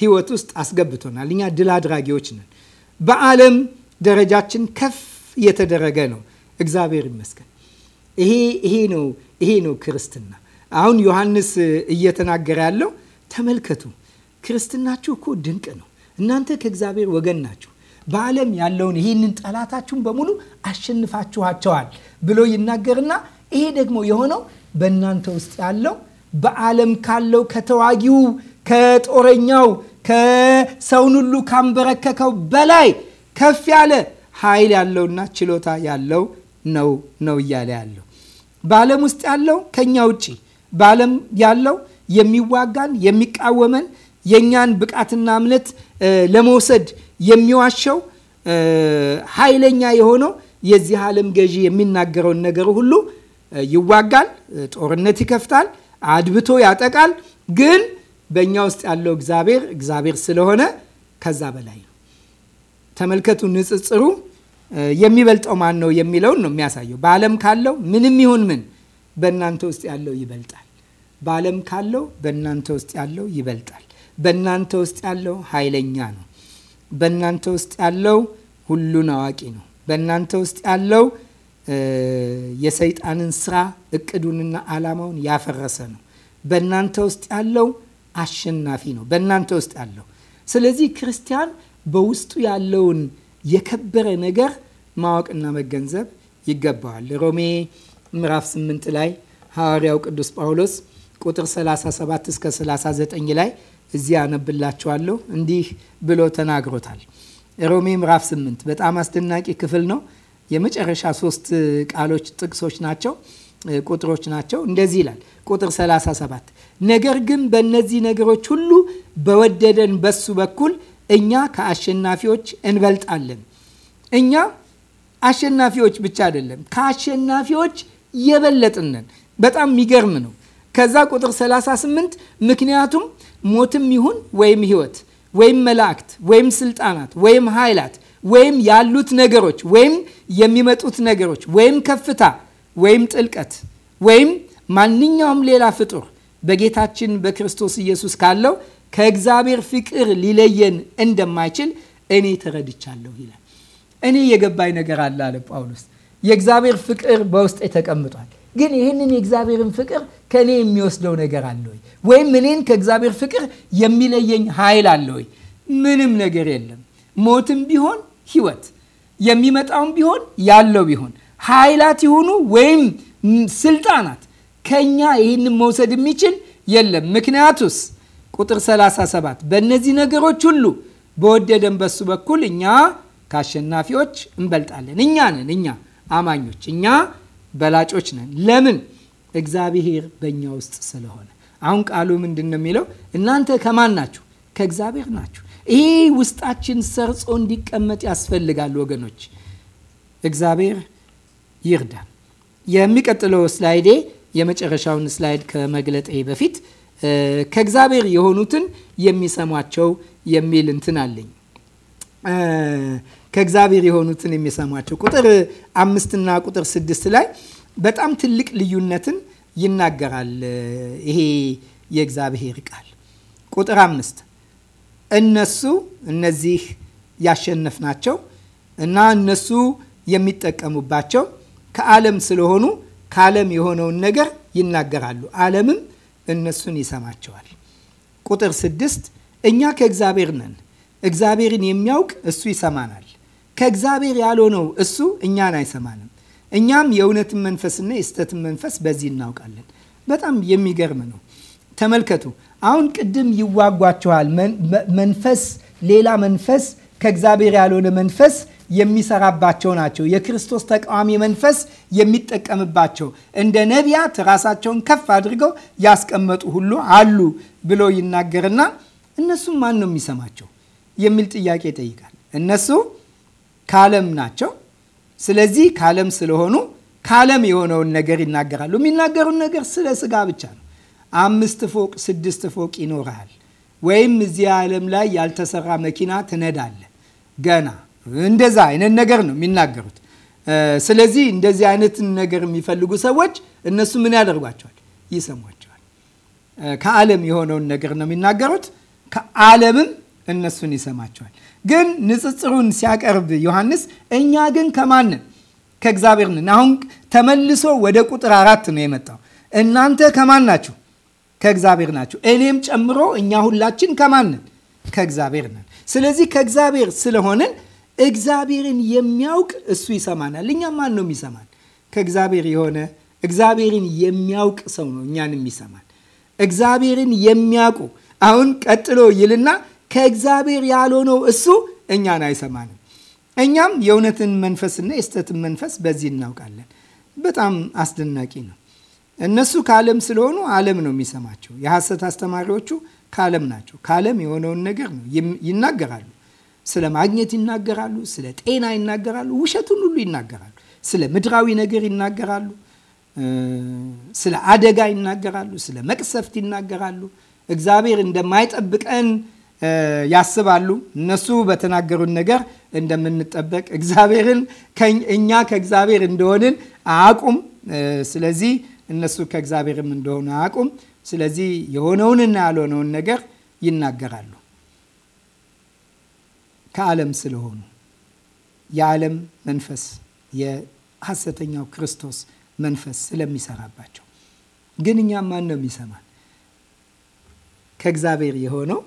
ህይወት ውስጥ አስገብቶናል። እኛ ድል አድራጊዎች ነን። በዓለም ደረጃችን ከፍ የተደረገ ነው። እግዚአብሔር ይመስገን። ይሄ ይሄ ነው ይሄ ነው ክርስትና። አሁን ዮሐንስ እየተናገረ ያለው ተመልከቱ፣ ክርስትናችሁ እኮ ድንቅ ነው። እናንተ ከእግዚአብሔር ወገን ናችሁ። በዓለም ያለውን ይህንን ጠላታችሁን በሙሉ አሸንፋችኋቸዋል ብሎ ይናገርና ይሄ ደግሞ የሆነው በእናንተ ውስጥ ያለው በዓለም ካለው ከተዋጊው ከጦረኛው ከሰውን ሁሉ ካንበረከከው በላይ ከፍ ያለ ኃይል ያለውና ችሎታ ያለው ነው ነው እያለ ያለው በዓለም ውስጥ ያለው ከኛ ውጭ በዓለም ያለው የሚዋጋን የሚቃወመን የእኛን ብቃትና እምነት ለመውሰድ የሚዋሸው ኃይለኛ የሆነው የዚህ ዓለም ገዢ የሚናገረውን ነገር ሁሉ ይዋጋል፣ ጦርነት ይከፍታል፣ አድብቶ ያጠቃል። ግን በእኛ ውስጥ ያለው እግዚአብሔር እግዚአብሔር ስለሆነ ከዛ በላይ ነው። ተመልከቱ፣ ንጽጽሩ የሚበልጠው ማን ነው የሚለውን ነው የሚያሳየው። በዓለም ካለው ምንም ይሁን ምን በእናንተ ውስጥ ያለው ይበልጣል። በዓለም ካለው በእናንተ ውስጥ ያለው ይበልጣል። በእናንተ ውስጥ ያለው ኃይለኛ ነው። በእናንተ ውስጥ ያለው ሁሉን አዋቂ ነው። በእናንተ ውስጥ ያለው የሰይጣንን ስራ እቅዱንና አላማውን ያፈረሰ ነው። በእናንተ ውስጥ ያለው አሸናፊ ነው። በእናንተ ውስጥ ያለው ስለዚህ ክርስቲያን በውስጡ ያለውን የከበረ ነገር ማወቅና መገንዘብ ይገባዋል። ሮሜ ምዕራፍ 8 ላይ ሐዋርያው ቅዱስ ጳውሎስ ቁጥር 37 እስከ 39 ላይ እዚህ ያነብላችኋለሁ። እንዲህ ብሎ ተናግሮታል። ሮሜ ምዕራፍ 8 በጣም አስደናቂ ክፍል ነው። የመጨረሻ ሶስት ቃሎች ጥቅሶች ናቸው፣ ቁጥሮች ናቸው። እንደዚህ ይላል ቁጥር 37 ነገር ግን በእነዚህ ነገሮች ሁሉ በወደደን በሱ በኩል እኛ ከአሸናፊዎች እንበልጣለን። እኛ አሸናፊዎች ብቻ አይደለም፣ ከአሸናፊዎች የበለጥነን። በጣም የሚገርም ነው። ከዛ ቁጥር 38 ምክንያቱም ሞትም ይሁን ወይም ህይወት ወይም መላእክት ወይም ስልጣናት ወይም ኃይላት ወይም ያሉት ነገሮች ወይም የሚመጡት ነገሮች ወይም ከፍታ ወይም ጥልቀት ወይም ማንኛውም ሌላ ፍጡር በጌታችን በክርስቶስ ኢየሱስ ካለው ከእግዚአብሔር ፍቅር ሊለየን እንደማይችል እኔ ተረድቻለሁ ይላል። እኔ የገባኝ ነገር አለ አለ ጳውሎስ። የእግዚአብሔር ፍቅር በውስጤ ተቀምጧል። ግን ይህንን የእግዚአብሔርን ፍቅር ከእኔ የሚወስደው ነገር አለ ወይ? ወይም እኔን ከእግዚአብሔር ፍቅር የሚለየኝ ኃይል አለ ወይ? ምንም ነገር የለም። ሞትም ቢሆን ህይወት፣ የሚመጣውም ቢሆን ያለው ቢሆን ኃይላት የሆኑ ወይም ስልጣናት ከኛ ይህንን መውሰድ የሚችል የለም። ምክንያቱስ ቁጥር 37 በእነዚህ ነገሮች ሁሉ በወደደን በሱ በኩል እኛ ከአሸናፊዎች እንበልጣለን። እኛ ነን እኛ አማኞች እኛ በላጮች ነን። ለምን? እግዚአብሔር በእኛ ውስጥ ስለሆነ። አሁን ቃሉ ምንድን ነው የሚለው? እናንተ ከማን ናችሁ? ከእግዚአብሔር ናችሁ። ይሄ ውስጣችን ሰርጾ እንዲቀመጥ ያስፈልጋል ወገኖች። እግዚአብሔር ይርዳ የሚቀጥለው ስላይዴ የመጨረሻውን ስላይድ ከመግለጤ በፊት ከእግዚአብሔር የሆኑትን የሚሰሟቸው የሚል እንትን አለኝ። ከእግዚአብሔር የሆኑትን የሚሰማቸው ቁጥር አምስትና ቁጥር ስድስት ላይ በጣም ትልቅ ልዩነትን ይናገራል ይሄ የእግዚአብሔር ቃል ቁጥር አምስት እነሱ እነዚህ ያሸነፍናቸው እና እነሱ የሚጠቀሙባቸው ከዓለም ስለሆኑ ከዓለም የሆነውን ነገር ይናገራሉ ዓለምም እነሱን ይሰማቸዋል ቁጥር ስድስት እኛ ከእግዚአብሔር ነን እግዚአብሔርን የሚያውቅ እሱ ይሰማናል ከእግዚአብሔር ያልሆነው እሱ እኛን አይሰማንም። እኛም የእውነትን መንፈስና የስተትን መንፈስ በዚህ እናውቃለን። በጣም የሚገርም ነው። ተመልከቱ። አሁን ቅድም ይዋጓችኋል። መንፈስ ሌላ መንፈስ ከእግዚአብሔር ያልሆነ መንፈስ የሚሰራባቸው ናቸው። የክርስቶስ ተቃዋሚ መንፈስ የሚጠቀምባቸው እንደ ነቢያት ራሳቸውን ከፍ አድርገው ያስቀመጡ ሁሉ አሉ ብሎ ይናገርና እነሱም ማን ነው የሚሰማቸው የሚል ጥያቄ ይጠይቃል። እነሱ ከዓለም ናቸው። ስለዚህ ከዓለም ስለሆኑ ከዓለም የሆነውን ነገር ይናገራሉ። የሚናገሩን ነገር ስለ ስጋ ብቻ ነው። አምስት ፎቅ ስድስት ፎቅ ይኖርሃል፣ ወይም እዚህ ዓለም ላይ ያልተሰራ መኪና ትነዳለ ገና እንደዛ አይነት ነገር ነው የሚናገሩት። ስለዚህ እንደዚህ አይነትን ነገር የሚፈልጉ ሰዎች እነሱ ምን ያደርጓቸዋል? ይሰሟቸዋል። ከዓለም የሆነውን ነገር ነው የሚናገሩት። ከዓለምም እነሱን ይሰማቸዋል። ግን ንጽጽሩን ሲያቀርብ ዮሐንስ እኛ ግን ከማንን ከእግዚአብሔር ነን። አሁን ተመልሶ ወደ ቁጥር አራት ነው የመጣው። እናንተ ከማን ናችሁ? ከእግዚአብሔር ናችሁ። እኔም ጨምሮ እኛ ሁላችን ከማን ከእግዚአብሔር ነን። ስለዚህ ከእግዚአብሔር ስለሆንን እግዚአብሔርን የሚያውቅ እሱ ይሰማናል። እኛ ማን ነው የሚሰማን? ከእግዚአብሔር የሆነ እግዚአብሔርን የሚያውቅ ሰው ነው እኛን የሚሰማን። እግዚአብሔርን የሚያውቁ አሁን ቀጥሎ ይልና ከእግዚአብሔር ያልሆነው እሱ እኛን አይሰማንም። እኛም የእውነትን መንፈስና የስተትን መንፈስ በዚህ እናውቃለን። በጣም አስደናቂ ነው። እነሱ ከዓለም ስለሆኑ ዓለም ነው የሚሰማቸው። የሐሰት አስተማሪዎቹ ከዓለም ናቸው። ከዓለም የሆነውን ነገር ነው ይናገራሉ። ስለ ማግኘት ይናገራሉ፣ ስለ ጤና ይናገራሉ፣ ውሸቱን ሁሉ ይናገራሉ። ስለ ምድራዊ ነገር ይናገራሉ፣ ስለ አደጋ ይናገራሉ፣ ስለ መቅሰፍት ይናገራሉ። እግዚአብሔር እንደማይጠብቀን ያስባሉ። እነሱ በተናገሩን ነገር እንደምንጠበቅ እግዚአብሔርን እኛ ከእግዚአብሔር እንደሆንን አያውቁም። ስለዚህ እነሱ ከእግዚአብሔርም እንደሆኑ አያውቁም። ስለዚህ የሆነውንና ያልሆነውን ነገር ይናገራሉ። ከዓለም ስለሆኑ የዓለም መንፈስ የሐሰተኛው ክርስቶስ መንፈስ ስለሚሰራባቸው ግን እኛም ማን ነው የሚሰማን? ከእግዚአብሔር የሆነው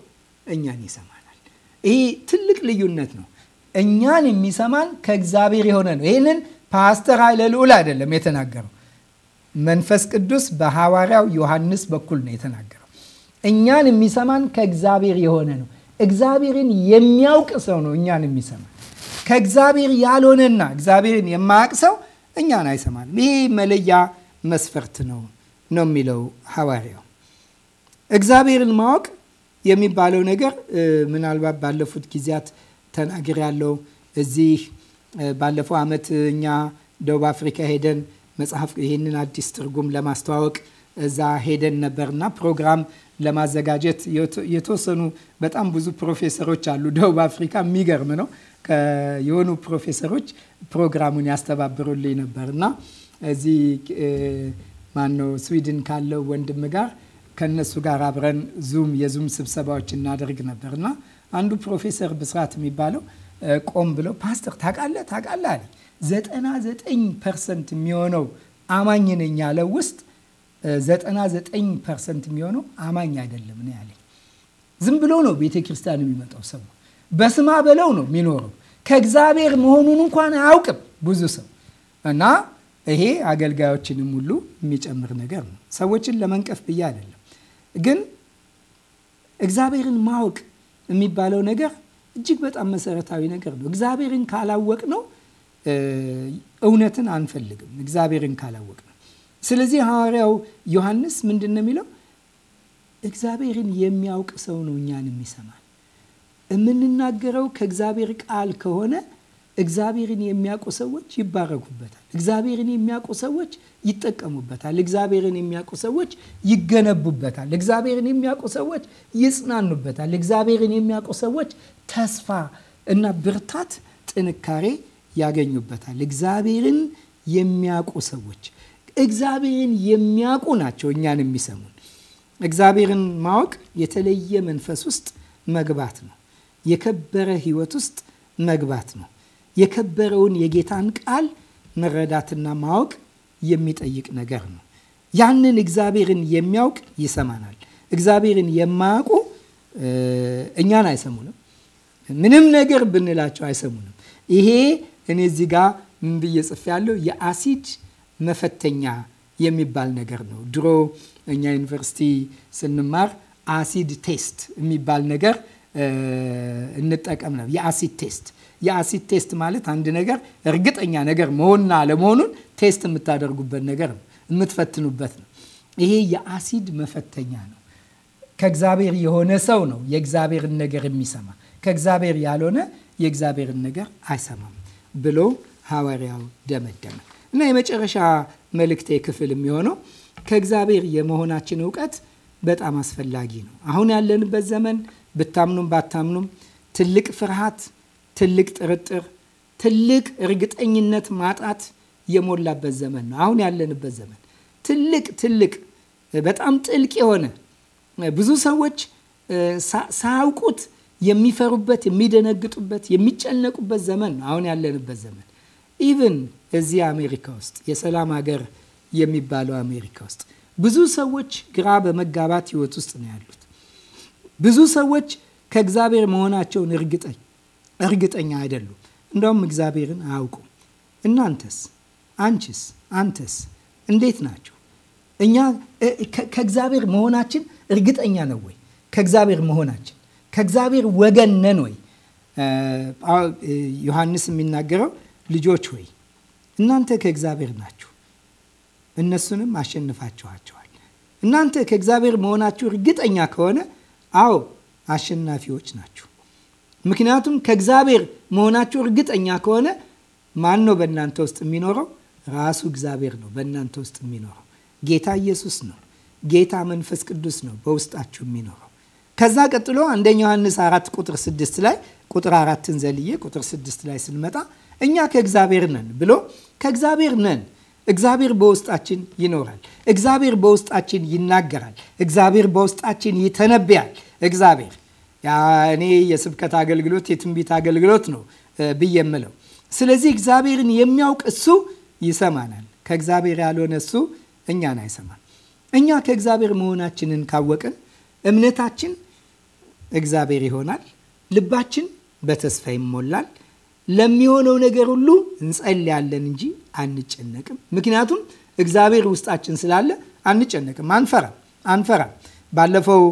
እኛን ይሰማናል። ይህ ትልቅ ልዩነት ነው። እኛን የሚሰማን ከእግዚአብሔር የሆነ ነው። ይህንን ፓስተር ኃይለ ልዑል አይደለም የተናገረው፣ መንፈስ ቅዱስ በሐዋርያው ዮሐንስ በኩል ነው የተናገረው። እኛን የሚሰማን ከእግዚአብሔር የሆነ ነው። እግዚአብሔርን የሚያውቅ ሰው ነው እኛን የሚሰማን። ከእግዚአብሔር ያልሆነና እግዚአብሔርን የማያውቅ ሰው እኛን አይሰማንም። ይሄ መለያ መስፈርት ነው ነው የሚለው ሐዋርያው። እግዚአብሔርን ማወቅ የሚባለው ነገር ምናልባት ባለፉት ጊዜያት ተናግር ያለው እዚህ ባለፈው ዓመት እኛ ደቡብ አፍሪካ ሄደን መጽሐፍ ይህንን አዲስ ትርጉም ለማስተዋወቅ እዛ ሄደን ነበርና ፕሮግራም ለማዘጋጀት የተወሰኑ በጣም ብዙ ፕሮፌሰሮች አሉ። ደቡብ አፍሪካ የሚገርም ነው። የሆኑ ፕሮፌሰሮች ፕሮግራሙን ያስተባብሩልኝ ነበር እና እዚህ ማነው ስዊድን ካለው ወንድም ጋር ከነሱ ጋር አብረን ዙም የዙም ስብሰባዎች እናደርግ ነበር እና አንዱ ፕሮፌሰር ብስራት የሚባለው ቆም ብሎ ፓስተር ታቃለ ታቃለ አለ ዘጠና ዘጠኝ ፐርሰንት የሚሆነው አማኝ ነኝ ያለ ውስጥ ዘጠና ዘጠኝ ፐርሰንት የሚሆነው አማኝ አይደለም ነው ያለኝ። ዝም ብሎ ነው ቤተ ክርስቲያን የሚመጣው ሰው በስማ በለው ነው የሚኖረው ከእግዚአብሔር መሆኑን እንኳን አያውቅም ብዙ ሰው እና ይሄ አገልጋዮችንም ሁሉ የሚጨምር ነገር ነው። ሰዎችን ለመንቀፍ ብዬ አይደለም። ግን እግዚአብሔርን ማወቅ የሚባለው ነገር እጅግ በጣም መሰረታዊ ነገር ነው። እግዚአብሔርን ካላወቅ ነው እውነትን አንፈልግም። እግዚአብሔርን ካላወቅ ነው። ስለዚህ ሐዋርያው ዮሐንስ ምንድን ነው የሚለው? እግዚአብሔርን የሚያውቅ ሰው ነው እኛን የሚሰማል። የምንናገረው ከእግዚአብሔር ቃል ከሆነ እግዚአብሔርን የሚያውቁ ሰዎች ይባረኩበታል። እግዚአብሔርን የሚያውቁ ሰዎች ይጠቀሙበታል። እግዚአብሔርን የሚያውቁ ሰዎች ይገነቡበታል። እግዚአብሔርን የሚያውቁ ሰዎች ይጽናኑበታል። እግዚአብሔርን የሚያውቁ ሰዎች ተስፋ እና ብርታት፣ ጥንካሬ ያገኙበታል። እግዚአብሔርን የሚያውቁ ሰዎች እግዚአብሔርን የሚያውቁ ናቸው እኛን የሚሰሙን። እግዚአብሔርን ማወቅ የተለየ መንፈስ ውስጥ መግባት ነው። የከበረ ህይወት ውስጥ መግባት ነው። የከበረውን የጌታን ቃል መረዳትና ማወቅ የሚጠይቅ ነገር ነው። ያንን እግዚአብሔርን የሚያውቅ ይሰማናል። እግዚአብሔርን የማያውቁ እኛን አይሰሙንም። ምንም ነገር ብንላቸው አይሰሙንም። ይሄ እኔ እዚህ ጋር ምን ብዬ ጽፌ ያለው የአሲድ መፈተኛ የሚባል ነገር ነው። ድሮ እኛ ዩኒቨርሲቲ ስንማር አሲድ ቴስት የሚባል ነገር እንጠቀም ነው። የአሲድ ቴስት የአሲድ ቴስት ማለት አንድ ነገር እርግጠኛ ነገር መሆንና አለመሆኑን ቴስት የምታደርጉበት ነገር ነው፣ የምትፈትኑበት ነው። ይሄ የአሲድ መፈተኛ ነው። ከእግዚአብሔር የሆነ ሰው ነው የእግዚአብሔርን ነገር የሚሰማ ከእግዚአብሔር ያልሆነ የእግዚአብሔርን ነገር አይሰማም ብሎ ሐዋርያው ደመደመ እና የመጨረሻ መልእክቴ ክፍል የሚሆነው ከእግዚአብሔር የመሆናችን እውቀት በጣም አስፈላጊ ነው። አሁን ያለንበት ዘመን ብታምኑም ባታምኑም ትልቅ ፍርሃት ትልቅ ጥርጥር፣ ትልቅ እርግጠኝነት ማጣት የሞላበት ዘመን ነው አሁን ያለንበት ዘመን። ትልቅ ትልቅ በጣም ጥልቅ የሆነ ብዙ ሰዎች ሳያውቁት የሚፈሩበት፣ የሚደነግጡበት፣ የሚጨነቁበት ዘመን ነው አሁን ያለንበት ዘመን። ኢቭን እዚህ አሜሪካ ውስጥ የሰላም ሀገር የሚባለው አሜሪካ ውስጥ ብዙ ሰዎች ግራ በመጋባት ህይወት ውስጥ ነው ያሉት። ብዙ ሰዎች ከእግዚአብሔር መሆናቸውን እርግጠኝ እርግጠኛ አይደሉም። እንደውም እግዚአብሔርን አያውቁም። እናንተስ? አንቺስ? አንተስ? እንዴት ናቸው? እኛ ከእግዚአብሔር መሆናችን እርግጠኛ ነው ወይ? ከእግዚአብሔር መሆናችን ከእግዚአብሔር ወገን ነን ወይ? ዮሐንስ የሚናገረው ልጆች ሆይ እናንተ ከእግዚአብሔር ናችሁ፣ እነሱንም አሸንፋችኋቸዋል። እናንተ ከእግዚአብሔር መሆናችሁ እርግጠኛ ከሆነ አዎ አሸናፊዎች ናችሁ። ምክንያቱም ከእግዚአብሔር መሆናችሁ እርግጠኛ ከሆነ ማን ነው በእናንተ ውስጥ የሚኖረው? ራሱ እግዚአብሔር ነው በእናንተ ውስጥ የሚኖረው። ጌታ ኢየሱስ ነው። ጌታ መንፈስ ቅዱስ ነው በውስጣችሁ የሚኖረው። ከዛ ቀጥሎ አንደኛ ዮሐንስ አራት ቁጥር ስድስት ላይ ቁጥር አራትን ዘልዬ ቁጥር ስድስት ላይ ስንመጣ እኛ ከእግዚአብሔር ነን ብሎ ከእግዚአብሔር ነን እግዚአብሔር በውስጣችን ይኖራል። እግዚአብሔር በውስጣችን ይናገራል። እግዚአብሔር በውስጣችን ይተነብያል። እግዚአብሔር እኔ የስብከት አገልግሎት የትንቢት አገልግሎት ነው ብዬ የምለው። ስለዚህ እግዚአብሔርን የሚያውቅ እሱ ይሰማናል። ከእግዚአብሔር ያልሆነ እሱ እኛን አይሰማም። እኛ ከእግዚአብሔር መሆናችንን ካወቅን እምነታችን እግዚአብሔር ይሆናል። ልባችን በተስፋ ይሞላል። ለሚሆነው ነገር ሁሉ እንጸልያለን እንጂ አንጨነቅም። ምክንያቱም እግዚአብሔር ውስጣችን ስላለ አንጨነቅም፣ አንፈራም አንፈራም። ባለፈው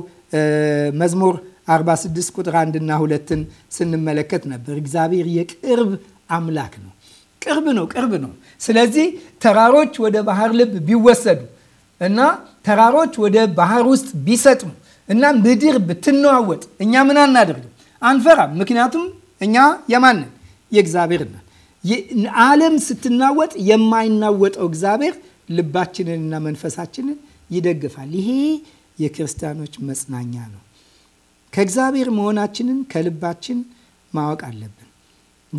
መዝሙር 46 ቁጥር 2 ሁለትን ስንመለከት ነበር። እግዚአብሔር የቅርብ አምላክ ነው። ቅርብ ነው፣ ቅርብ ነው። ስለዚህ ተራሮች ወደ ባህር ልብ ቢወሰዱ እና ተራሮች ወደ ባህር ውስጥ ቢሰጥሙ እና ምድር ብትነዋወጥ እኛ ምን አናደርግም? አንፈራም። ምክንያቱም እኛ የማንን የእግዚአብሔር ነን። ዓለም ስትናወጥ የማይናወጠው እግዚአብሔር ልባችንንና መንፈሳችንን ይደግፋል። ይሄ የክርስቲያኖች መጽናኛ ነው። ከእግዚአብሔር መሆናችንን ከልባችን ማወቅ አለብን።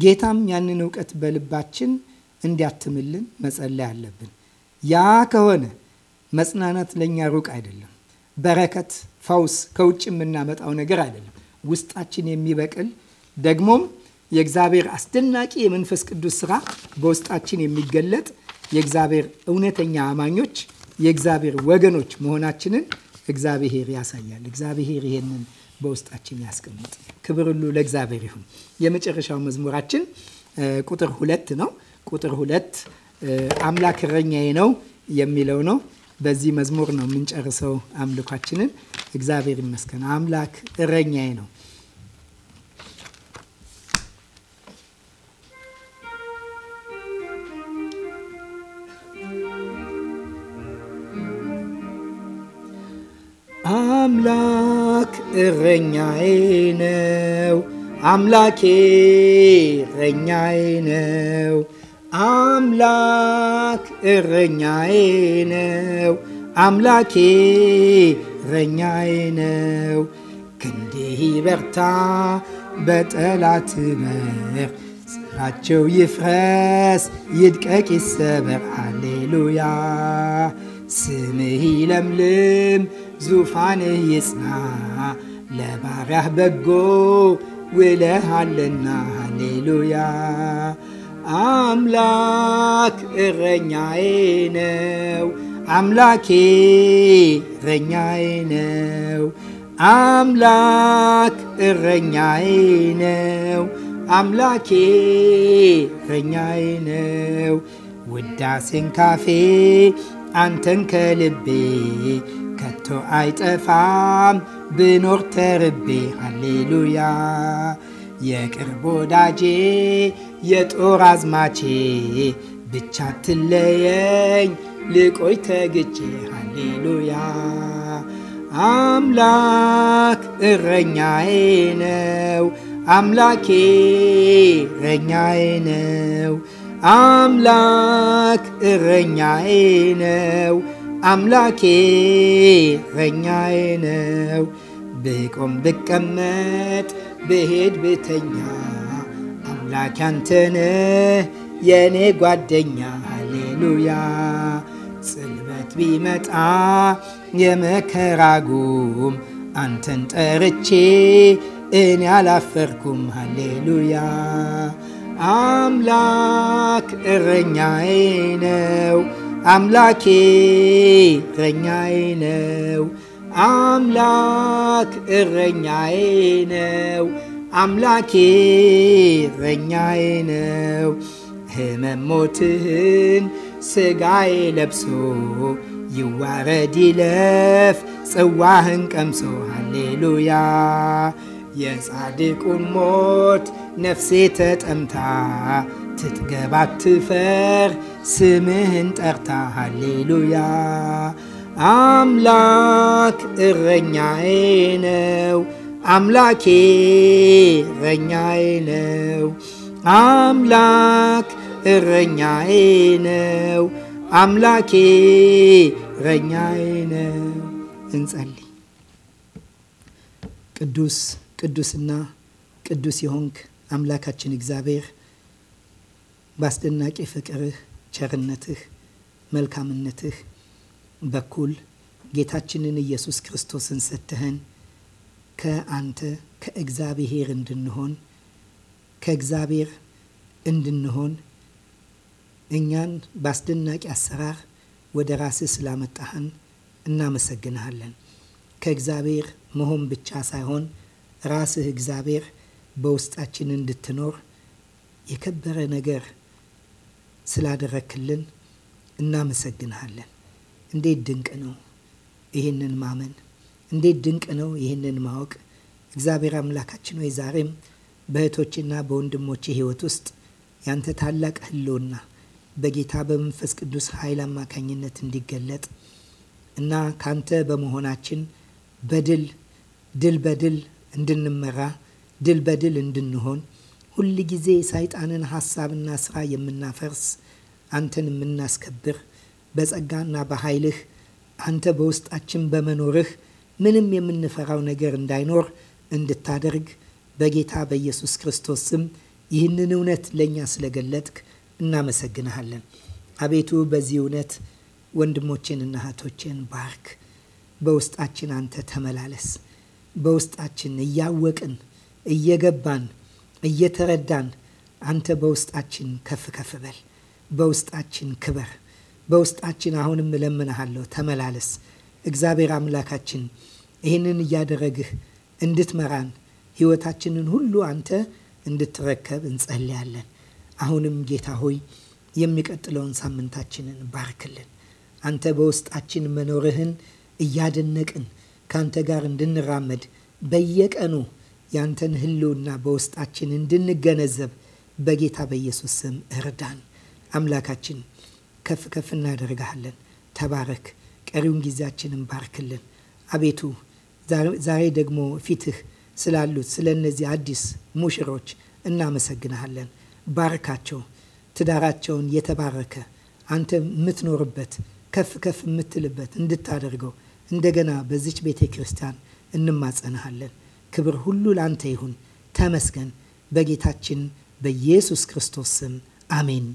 ጌታም ያንን እውቀት በልባችን እንዲያትምልን መጸለይ አለብን። ያ ከሆነ መጽናናት ለእኛ ሩቅ አይደለም። በረከት፣ ፈውስ ከውጭ የምናመጣው ነገር አይደለም። ውስጣችን የሚበቅል ደግሞም የእግዚአብሔር አስደናቂ የመንፈስ ቅዱስ ስራ በውስጣችን የሚገለጥ የእግዚአብሔር እውነተኛ አማኞች የእግዚአብሔር ወገኖች መሆናችንን እግዚአብሔር ያሳያል። እግዚአብሔር ይሄንን በውስጣችን ያስቀምጥ። ክብር ሁሉ ለእግዚአብሔር ይሁን። የመጨረሻው መዝሙራችን ቁጥር ሁለት ነው። ቁጥር ሁለት አምላክ እረኛዬ ነው የሚለው ነው። በዚህ መዝሙር ነው የምንጨርሰው አምልኳችንን። እግዚአብሔር ይመስገን። አምላክ እረኛዬ ነው አምላክ እረኛዬ ነው። አምላኬ እረኛዬ ነው። አምላክ እረኛዬ ነው። አምላኬ እረኛዬ ነው። ክንድህ በርታ በጠላት በር፣ ስራቸው ይፍረስ ይድቀቅ ይሰበር። አሌሉያ ስምህ ለምልም ዙፋንህ ይጽና ለባሪያህ በጎ ውለሃልና። ሃሌሉያ አምላክ እረኛዬ ነው። አምላኬ እረኛዬ ነው። አምላክ እረኛዬ ነው። አምላኬ እረኛዬ ነው። ውዳሴን ካፌ አንተን ከልቤ ከቶ አይጠፋም ብኖር ተርቤ ሃሌሉያ የቅርብ ወዳጄ የጦር አዝማቼ ብቻ ትለየኝ ልቆይ ተግቼ ሃሌሉያ አምላክ እረኛዬ ነው አምላኬ እረኛዬ ነው አምላክ እረኛዬ ነው አምላኬ እረኛዬ ነው። ብቆም ብቀመጥ ብሄድ ብተኛ አምላክ አንተነ የእኔ ጓደኛ ሃሌሉያ። ጽልመት ቢመጣ የመከራ ጉም አንተን ጠርቼ እኔ አላፈርኩም ሃሌሉያ። አምላክ እረኛዬ ነው አምላኬ እረኛዬ ነው። አምላክ እረኛዬ ነው። አምላኬ እረኛዬ ነው። ሕመም ሞትህን ለብሶ ይዋረድ ይለፍ ጽዋህን ቀምሶ ሃሌሉያ የጻድቁን ሞት ነፍሴ ተጠምታ ስትገባ አትፈር፣ ስምህን ጠርታ ሃሌሉያ አምላክ እረኛዬ ነው። አምላኬ እረኛዬ ነው። አምላክ እረኛዬ ነው። አምላኬ እረኛዬ ነው። እንጸልይ። ቅዱስ ቅዱስና ቅዱስ የሆንክ አምላካችን እግዚአብሔር በአስደናቂ ፍቅርህ፣ ቸርነትህ፣ መልካምነትህ በኩል ጌታችንን ኢየሱስ ክርስቶስን ሰጥተህን ከአንተ ከእግዚአብሔር እንድንሆን ከእግዚአብሔር እንድንሆን እኛን በአስደናቂ አሰራር ወደ ራስህ ስላመጣህን እናመሰግንሃለን። ከእግዚአብሔር መሆን ብቻ ሳይሆን ራስህ እግዚአብሔር በውስጣችን እንድትኖር የከበረ ነገር ስላደረክልን እናመሰግንሃለን። እንዴት ድንቅ ነው ይህንን ማመን፣ እንዴት ድንቅ ነው ይህንን ማወቅ። እግዚአብሔር አምላካችን ወይ ዛሬም በእህቶችና በወንድሞች ህይወት ውስጥ ያንተ ታላቅ ህልውና በጌታ በመንፈስ ቅዱስ ኃይል አማካኝነት እንዲገለጥ እና ካንተ በመሆናችን በድል ድል በድል እንድንመራ ድል በድል እንድንሆን ሁል ጊዜ የሳይጣንን ሀሳብና ስራ የምናፈርስ አንተን የምናስከብር በጸጋና በኃይልህ አንተ በውስጣችን በመኖርህ ምንም የምንፈራው ነገር እንዳይኖር እንድታደርግ በጌታ በኢየሱስ ክርስቶስ ስም ይህንን እውነት ለእኛ ስለገለጥክ እናመሰግንሃለን። አቤቱ በዚህ እውነት ወንድሞቼንና እህቶቼን ባርክ። በውስጣችን አንተ ተመላለስ። በውስጣችን እያወቅን እየገባን እየተረዳን አንተ በውስጣችን ከፍ ከፍ በል፣ በውስጣችን ክበር፣ በውስጣችን አሁንም እለምንሃለሁ ተመላለስ። እግዚአብሔር አምላካችን ይህንን እያደረግህ እንድትመራን ህይወታችንን ሁሉ አንተ እንድትረከብ እንጸልያለን። አሁንም ጌታ ሆይ የሚቀጥለውን ሳምንታችንን ባርክልን። አንተ በውስጣችን መኖርህን እያደነቅን ከአንተ ጋር እንድንራመድ በየቀኑ ያንተን ህልውና በውስጣችን እንድንገነዘብ በጌታ በኢየሱስ ስም እርዳን። አምላካችን ከፍ ከፍ እናደርግሃለን። ተባረክ። ቀሪውን ጊዜያችንን ባርክልን። አቤቱ ዛሬ ደግሞ ፊትህ ስላሉት ስለ እነዚህ አዲስ ሙሽሮች እናመሰግንሃለን። ባርካቸው። ትዳራቸውን የተባረከ አንተ የምትኖርበት ከፍ ከፍ የምትልበት እንድታደርገው እንደገና በዚች ቤተ ክርስቲያን እንማጸንሃለን። ክብር ሁሉ ላንተ ይሁን። ተመስገን። በጌታችን በኢየሱስ ክርስቶስ ስም አሜን።